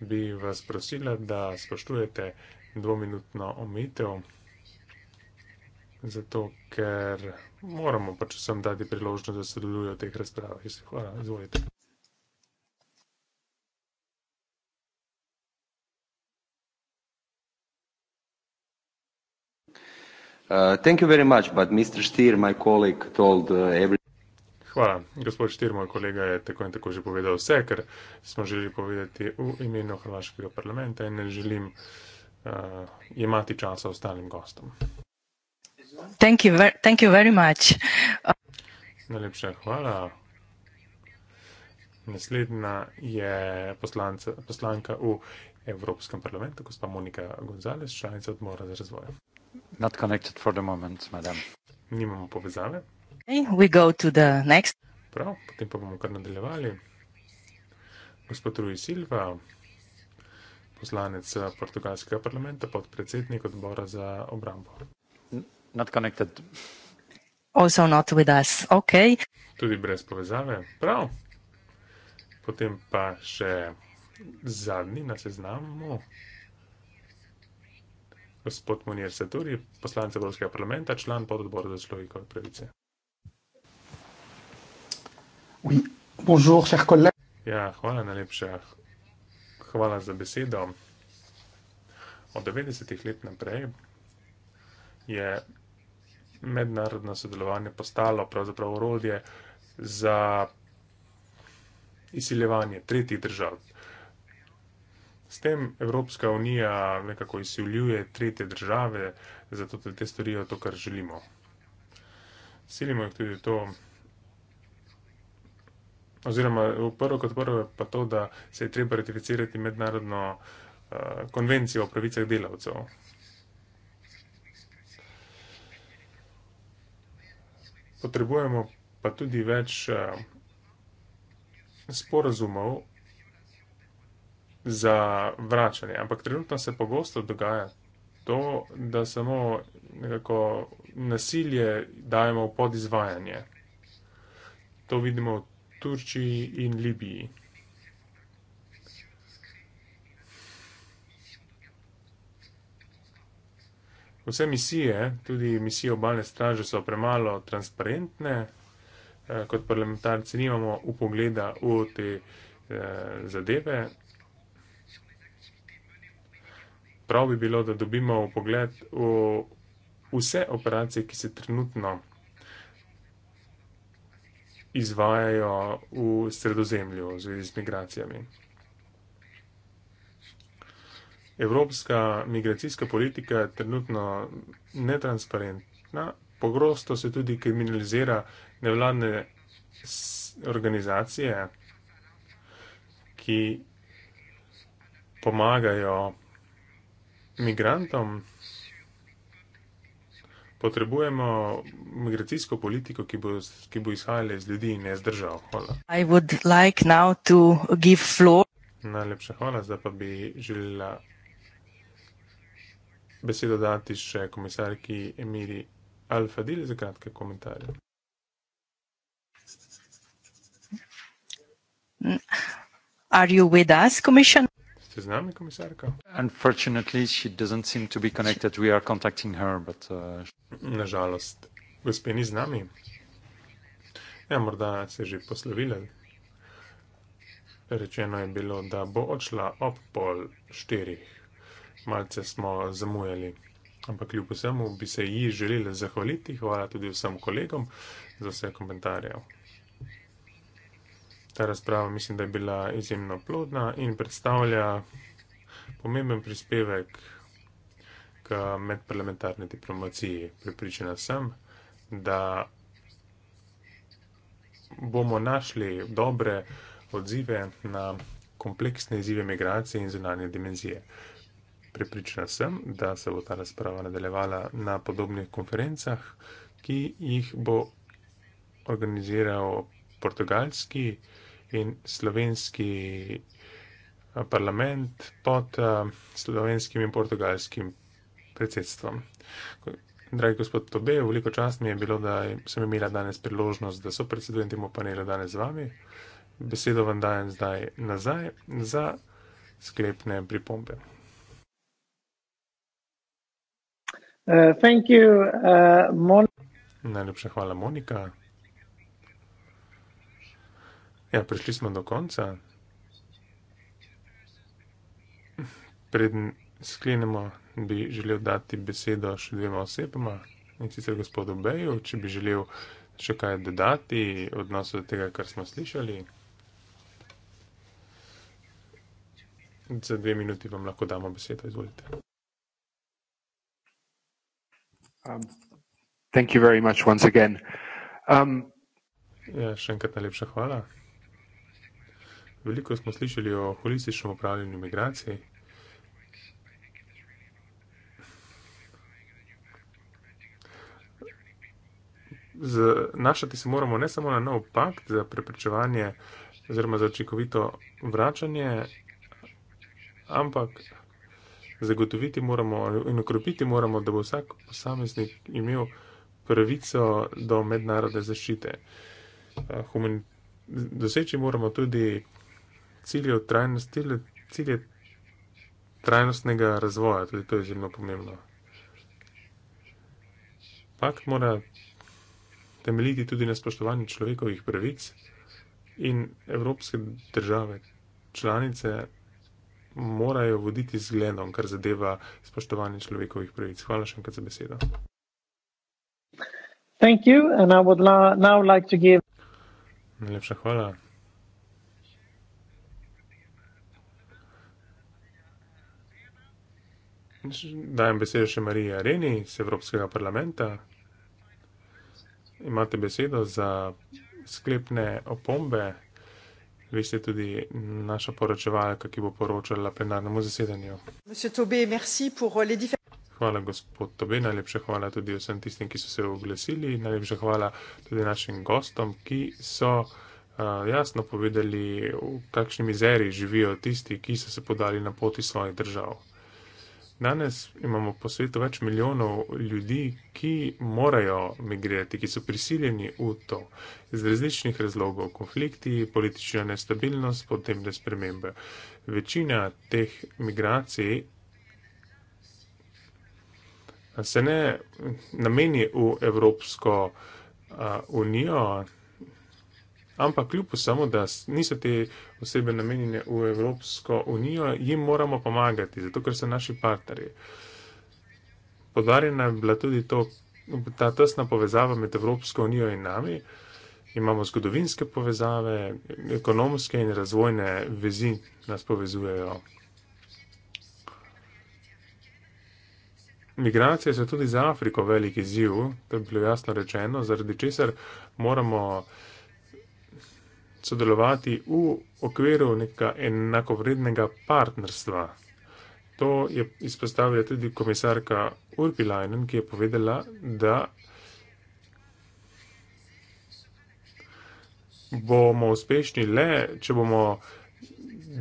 Bi vas prosila, da spoštujete dvominutno omitev zato ker moramo pač vsem dati priložnost, da sodelujo v teh razpravah. Hvala, izvolite. Uh, thank you very much, but Mr. Stier, my colleague, told uh, everything. Hvala. Gospod Štir, moj kolega, je tako in tako že povedal vse, kar smo želeli povedati v imenu Hrvaškega parlamenta in ne želim uh, imati časa ostalim gostom. Thank you, thank you very much. Najlepša hvala. Naslednja je poslanca, poslanka v Evropskem parlamentu, gospa Monika Gonzalez, članica odmora za razvoj. Not connected for the moment, madam. Nimamo povezave. Okay, we go to the next. Prav, potem pa bomo kar nadaljevali. Gospod Rui Silva, poslanec Portugalskega parlamenta, podpredsednik odbora za obrambo not connected. Also not with us. OK. Tudi brez povezave. Prav. Potem pa še zadnji na seznamu. Gospod Monier Saturi, poslanec Evropskega parlamenta, član pododbora za človekove pravice. Ja, hvala najlepša. Hvala za besedo. Od 90-ih let naprej je mednarodno sodelovanje postalo pravzaprav orodje za izsiljevanje tretjih držav. S tem Evropska unija nekako izsiljuje tretje države, zato da te storijo to, kar želimo. Silimo jih tudi to, oziroma prvo kot prvo je pa to, da se je treba ratificirati mednarodno uh, konvencijo o pravicah delavcev. potrebujemo pa tudi več eh, sporazumov za vračanje. Ampak trenutno se pogosto dogaja to, da samo nekako nasilje dajemo v podizvajanje. To vidimo v Turčiji in Libiji. Vse misije, tudi misije obalne straže, so premalo transparentne. Eh, kot parlamentarci nimamo upogleda v te eh, zadeve. Prav bi bilo, da dobimo upogled v vse operacije, ki se trenutno izvajajo v sredozemlju v zvezi z migracijami evropska migracijska politika je trenutno netransparentna, pogosto se tudi kriminalizira nevladne organizacije, ki pomagajo migrantom. Potrebujemo migracijsko politiko, ki bo, ki bo izhajala iz ljudi in ne iz držav. Hvala. Like Najlepša hvala, zdaj pa bi želela besedo dati še komisarki Emiri Alfadil za kratke komentarje. Are you with us, Commission? Ste z nami, komisarka? Unfortunately, she doesn't seem to be connected. We are contacting her, but... Uh... Nažalost, gospe ni z nami. Ja, morda se je že poslovila. Rečeno je bilo, da bo odšla ob pol štirih malce smo zamujali. Ampak kljub vsemu bi se ji želeli zahvaliti. Hvala tudi vsem kolegom za vse komentarje. Ta razprava mislim, da je bila izjemno plodna in predstavlja pomemben prispevek k medparlamentarni diplomaciji. Pripričana sem, da bomo našli dobre odzive na kompleksne izzive migracije in zunanje dimenzije. Pripričana sem, da se bo ta razprava nadaljevala na podobnih konferencah, ki jih bo organiziral portugalski in slovenski eh, parlament pod eh, slovenskim in portugalskim predsedstvom. Dragi gospod Tobe, veliko čast mi je bilo, da sem imela danes priložnost, da so predsedujem temu panelu danes z vami. Besedo vam dajem zdaj nazaj za sklepne pripombe. Uh, thank you, uh, Mon- Najlepša hvala, Monika. Ja, prišli smo do konca. Preden sklenemo, bi želel dati besedo še dvema osebama in sicer gospodu Beju, če bi želel še kaj dodati v odnosu do tega, kar smo slišali. Za dve minuti vam lahko damo besedo, izvolite. Um, thank you very much once again. Um, ja, še enkrat najlepša hvala. Veliko smo slišali o holističnem upravljanju migracij. Našati se moramo ne samo na nov pakt za preprečevanje oziroma za očekovito vračanje, ampak zagotoviti moramo in okrepiti moramo, da bo vsak posameznik imel pravico do mednarodne zaščite. Eh, humani, doseči moramo tudi cilje, trajnost, cilje, cilje trajnostnega razvoja, tudi to je zelo pomembno. Pak mora temeljiti tudi na spoštovanju človekovih pravic in evropske države članice morajo voditi zgledom, kar zadeva spoštovanje človekovih pravic. Hvala še enkrat za besedo. Like give... Najlepša hvala. Dajem besedo še Mariji Areni iz Evropskega parlamenta. Imate besedo za sklepne opombe veste tudi naša poročevalka, ki bo poročala plenarnemu zasedanju. Euh, hvala, gospod Tobe, najlepša hvala tudi vsem tistim, ki so se oglasili, najlepša hvala tudi našim gostom, ki so uh, jasno povedali, v kakšni mizeri živijo tisti, ki so se podali na poti svojih držav. Danes imamo po svetu več milijonov ljudi, ki morajo migrirati, ki so prisiljeni v to iz različnih razlogov, konflikti, politična nestabilnost, podnebne spremembe. Večina teh migracij se ne nameni v Evropsko unijo, Ampak kljub vsemu, da niso te osebe namenjene v Evropsko unijo, jim moramo pomagati, zato ker so naši partnerji. Podarjena je bila tudi to, ta tesna povezava med Evropsko unijo in nami. Imamo zgodovinske povezave, ekonomske in razvojne vezi nas povezujejo. Migracije so tudi za Afriko velik izziv, to je bilo jasno rečeno, zaradi česar moramo sodelovati v okviru nekega enakovrednega partnerstva. To je izpostavila tudi komisarka Urpilajnen, ki je povedala, da bomo uspešni le, če bomo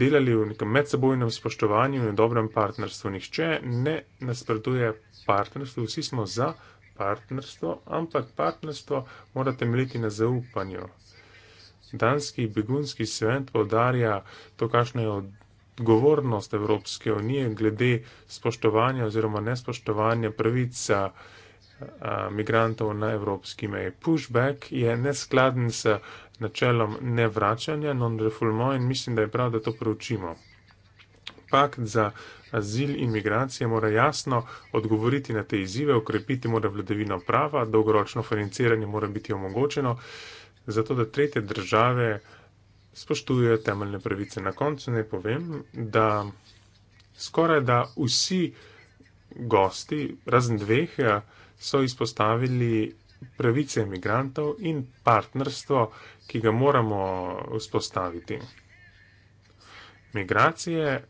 delali v nekem medsebojnem spoštovanju in dobrem partnerstvu. Nihče ne nasprotuje partnerstvu, vsi smo za partnerstvo, ampak partnerstvo mora temeljiti na zaupanju. Danski begunski svet podarja to, kakšno je odgovornost Evropske unije glede spoštovanja oziroma nespoštovanja pravica migrantov na evropski meji. Pushback je neskladen s načelom nevračanja, non-refoulement in mislim, da je prav, da to preučimo. Pakt za azil in migracije mora jasno odgovoriti na te izzive, ukrepiti mora vladavino prava, dolgoročno financiranje mora biti omogočeno. Uh, zato da tretje države spoštujejo temeljne pravice. Na koncu ne povem, da skoraj da vsi gosti, razen dveh, so izpostavili pravice imigrantov in partnerstvo, ki ga moramo vzpostaviti. Migracije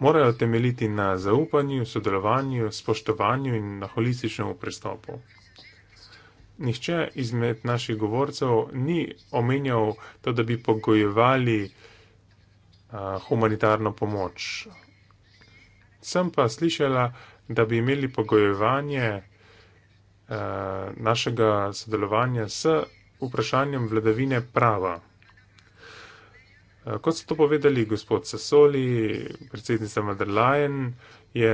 morajo temeljiti na zaupanju, sodelovanju, spoštovanju in na holističnem pristopu. Nihče izmed naših govorcev ni omenjal to, da bi pogojevali humanitarno pomoč. Sem pa slišala, da bi imeli pogojevanje našega sodelovanja s vprašanjem vladavine prava. Eh, kot so to povedali gospod Sesoli, predsednica Madrlajen, je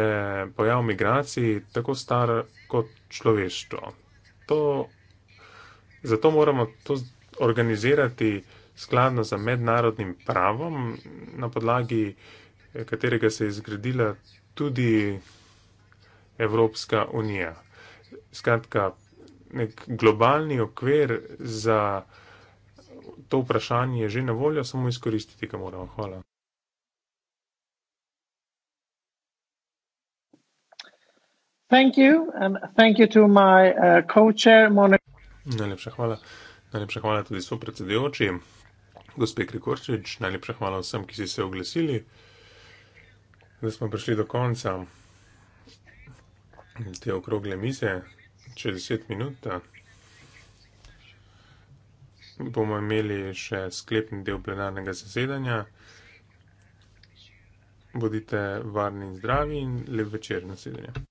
pojav migracij tako star kot človeštvo. To, zato moramo to organizirati skladno za mednarodnim pravom, na podlagi eh, katerega se je zgradila tudi Evropska unija. Skratka, nek globalni okvir za to vprašanje je že na voljo, samo izkoristiti ga moramo. Hvala. Uh, najlepša hvala. Najlepša hvala tudi svojim predsedujočim, gospe Krikorčič, najlepša hvala vsem, ki ste se oglasili, da smo prišli do konca te okrogle mize, čez deset minut. Da bomo imeli še sklepni del plenarnega zasedanja. Bodite varni in zdravi in lep večer na sedenju.